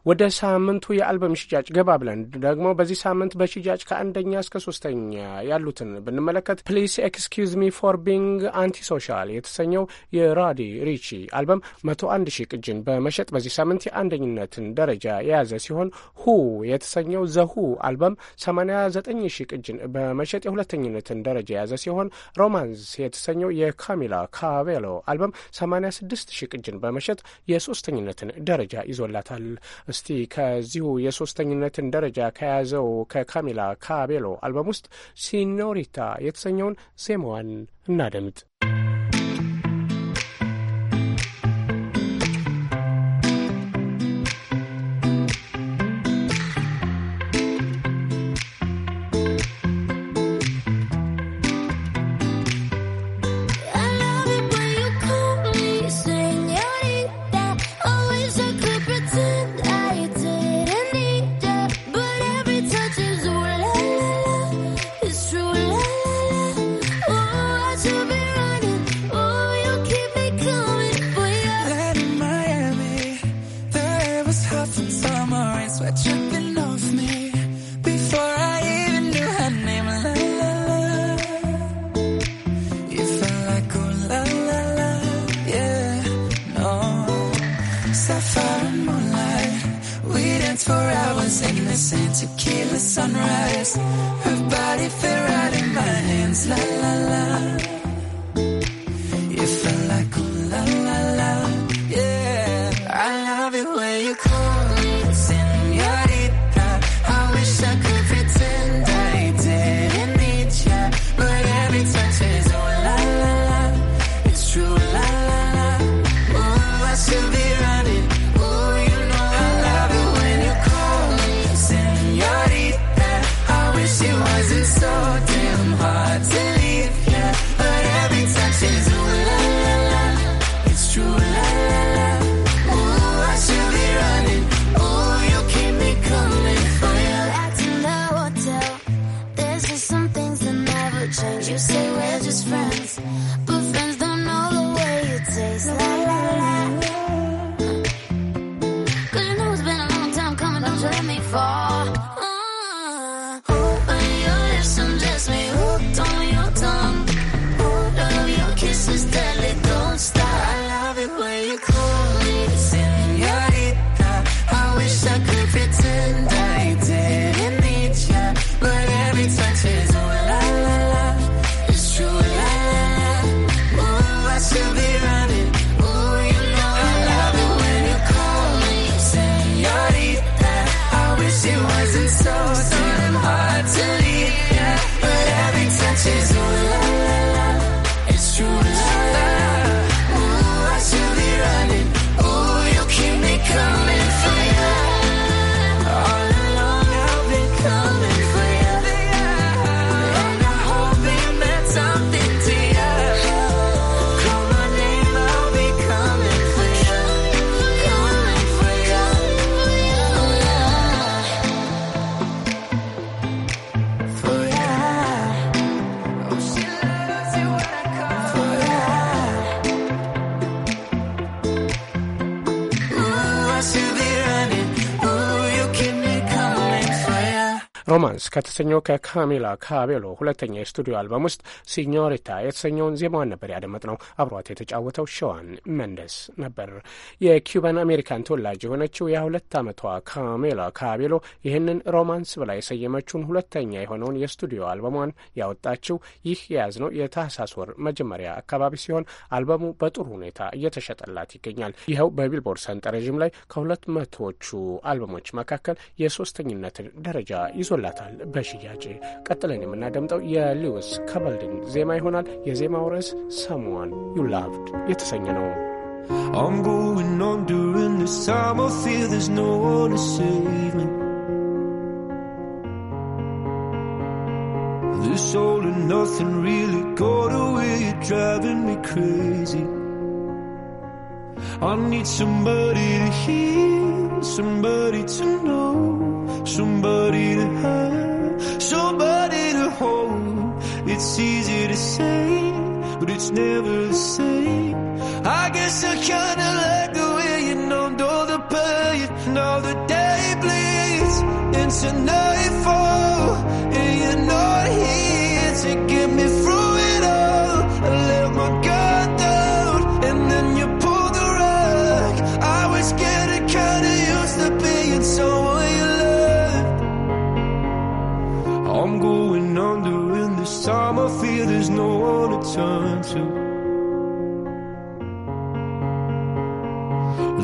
ወደ ሳምንቱ የአልበም ሽያጭ ገባ ብለን ደግሞ በዚህ ሳምንት በሽያጭ ከአንደኛ እስከ ሶስተኛ ያሉትን ብንመለከት ፕሊስ ኤክስኪዝ ሚ ፎር ቢንግ አንቲ ሶሻል የተሰኘው የራዲ ሪቺ አልበም መቶ አንድ ሺህ ቅጅን በመሸጥ በዚህ ሳምንት የአንደኝነትን ደረጃ የያዘ ሲሆን ሁ የተሰኘው ዘሁ አልበም ሰማንያ ዘጠኝ ሺህ ቅጅን በመሸጥ የሁለተኝነትን ደረጃ የያዘ ሲሆን ሮማንስ የተሰኘው የ የካሚላ ካቬሎ አልበም 86 ሺህ ቅጅን በመሸጥ የሶስተኝነትን ደረጃ ይዞላታል። እስቲ ከዚሁ የሶስተኝነትን ደረጃ ከያዘው ከካሚላ ካቬሎ አልበም ውስጥ ሲኖሪታ የተሰኘውን ዜማዋን እናደምጥ። ሮማንስ ከተሰኘው ከካሜላ ካቤሎ ሁለተኛ የስቱዲዮ አልበም ውስጥ ሲኞሪታ የተሰኘውን ዜማዋን ነበር ያደመጥነው። አብሯት የተጫወተው ሸዋን መንደስ ነበር። የኪውባን አሜሪካን ተወላጅ የሆነችው የሁለት ዓመቷ ካሜላ ካቤሎ ይህንን ሮማንስ ብላ የሰየመችውን ሁለተኛ የሆነውን የስቱዲዮ አልበሟን ያወጣችው ይህ የያዝነው የታህሳስ ወር መጀመሪያ አካባቢ ሲሆን አልበሙ በጥሩ ሁኔታ እየተሸጠላት ይገኛል። ይኸው በቢልቦርድ ሰንጠረዥም ላይ ከሁለት መቶዎቹ አልበሞች መካከል የሶስተኝነትን ደረጃ ይዞላል። በሽያጭ ቀጥለን የምናደምጠው ዜማ ይሆናል። የዜማው ርዕስ ዩ ላቭድ የተሰኘ ነው። I'm going on during this time I feel there's no one to save me This all and nothing really got away You're driving me crazy I need somebody to hear Somebody to know somebody to have, somebody to hold. It's easy to say, but it's never the same. I guess I kinda like the way you know all the pain, and all the day bleeds into nightfall, and you're not here to give me. there's no one to turn to.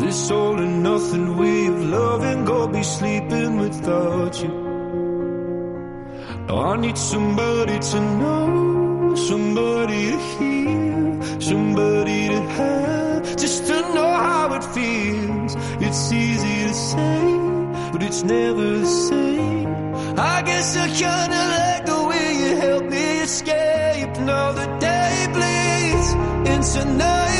This all and nothing way of loving, gonna be sleeping without you. Now I need somebody to know, somebody to hear, somebody to have, just to know how it feels. It's easy to say, but it's never the same. I guess I kinda like the way you help me escape the day bleeds into night.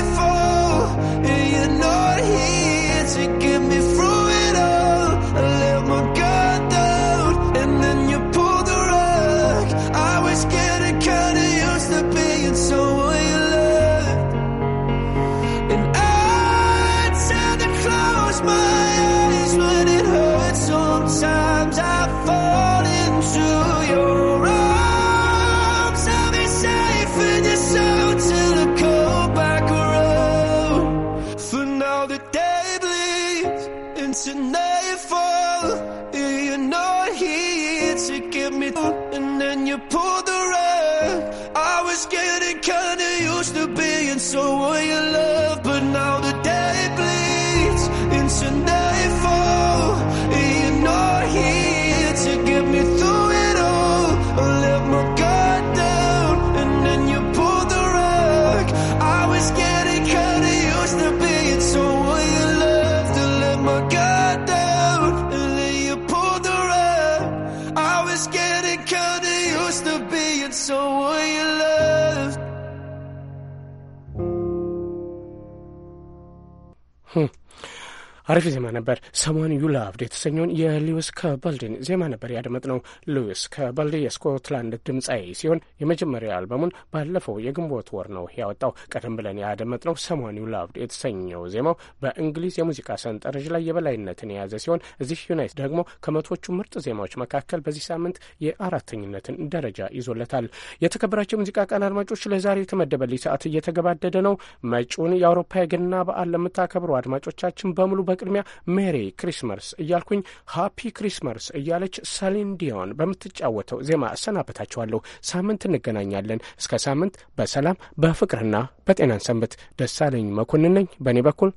አሪፍ ዜማ ነበር። ሰሞን ዩ ላቭድ የተሰኘውን የሉዊስ ከባልዲን ዜማ ነበር ያደመጥነው። ሉዊስ ከባልዲ የስኮትላንድ ድምፃዊ ሲሆን የመጀመሪያ አልበሙን ባለፈው የግንቦት ወር ነው ያወጣው። ቀደም ብለን ያደመጥነው ሰሞን ዩ ላቭድ የተሰኘው ዜማው በእንግሊዝ የሙዚቃ ሰንጠረዥ ላይ የበላይነትን የያዘ ሲሆን እዚህ ዩናይት ደግሞ ከመቶዎቹ ምርጥ ዜማዎች መካከል በዚህ ሳምንት የአራተኝነትን ደረጃ ይዞለታል። የተከበራቸው የሙዚቃ ቀን አድማጮች ለዛሬ የተመደበልኝ ሰዓት እየተገባደደ ነው። መጪውን የአውሮፓ የገና በዓል ለምታከብሩ አድማጮቻችን በሙሉ በ በቅድሚያ ሜሪ ክሪስመስ እያልኩኝ ሃፒ ክሪስመስ እያለች ሰሊን ዲዮን በምትጫወተው ዜማ እሰናበታችኋለሁ። ሳምንት እንገናኛለን። እስከ ሳምንት በሰላም በፍቅርና በጤናን ሰንብት። ደሳለኝ መኮንን ነኝ። በእኔ በኩል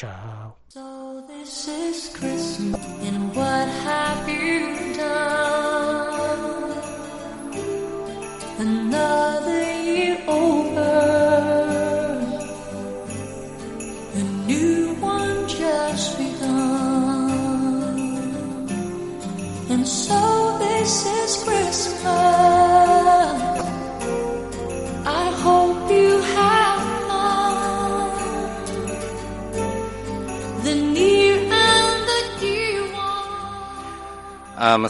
ቻው።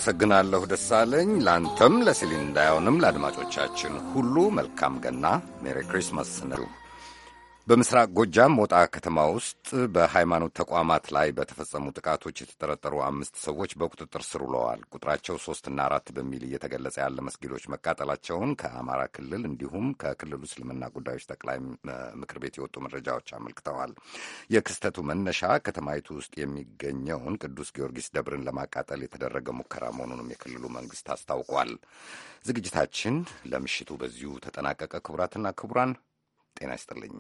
አመሰግናለሁ ደሳለኝ። ለአንተም ለሲሊንዳዮንም ለአድማጮቻችን ሁሉ መልካም ገና ሜሪ ክሪስማስ ነው። በምስራቅ ጎጃም ሞጣ ከተማ ውስጥ በሃይማኖት ተቋማት ላይ በተፈጸሙ ጥቃቶች የተጠረጠሩ አምስት ሰዎች በቁጥጥር ስር ውለዋል። ቁጥራቸው ሶስትና አራት በሚል እየተገለጸ ያለ መስጊዶች መቃጠላቸውን ከአማራ ክልል እንዲሁም ከክልሉ እስልምና ጉዳዮች ጠቅላይ ምክር ቤት የወጡ መረጃዎች አመልክተዋል። የክስተቱ መነሻ ከተማይቱ ውስጥ የሚገኘውን ቅዱስ ጊዮርጊስ ደብርን ለማቃጠል የተደረገ ሙከራ መሆኑንም የክልሉ መንግስት አስታውቋል። ዝግጅታችን ለምሽቱ በዚሁ ተጠናቀቀ። ክቡራትና ክቡራን ጤና ይስጥልኝ።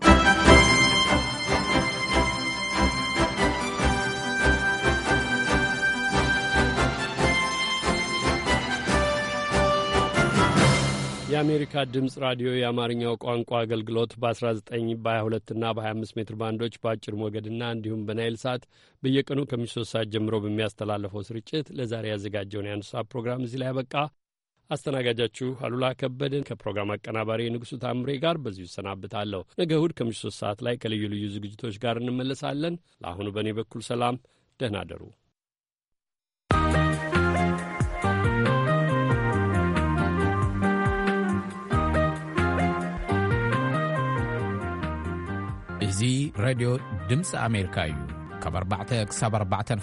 የአሜሪካ ድምፅ ራዲዮ የአማርኛው ቋንቋ አገልግሎት በ19 በ22ና በ25 ሜትር ባንዶች በአጭር ሞገድና እንዲሁም በናይል ሳት በየቀኑ ከምሽቱ ሰዓት ጀምሮ በሚያስተላልፈው ስርጭት ለዛሬ ያዘጋጀውን የአንድ ሰዓት ፕሮግራም እዚህ ላይ ያበቃ። አስተናጋጃችሁ አሉላ ከበድን ከፕሮግራም አቀናባሪ ንጉሱ ታምሬ ጋር በዚሁ እሰናብታለሁ። ነገ እሁድ ከምሽቱ ሶስት ሰዓት ላይ ከልዩ ልዩ ዝግጅቶች ጋር እንመለሳለን። ለአሁኑ በእኔ በኩል ሰላም፣ ደህና አደሩ። እዚ ሬድዮ ድምፂ ኣሜሪካ እዩ ካብ 4 ክሳብ 4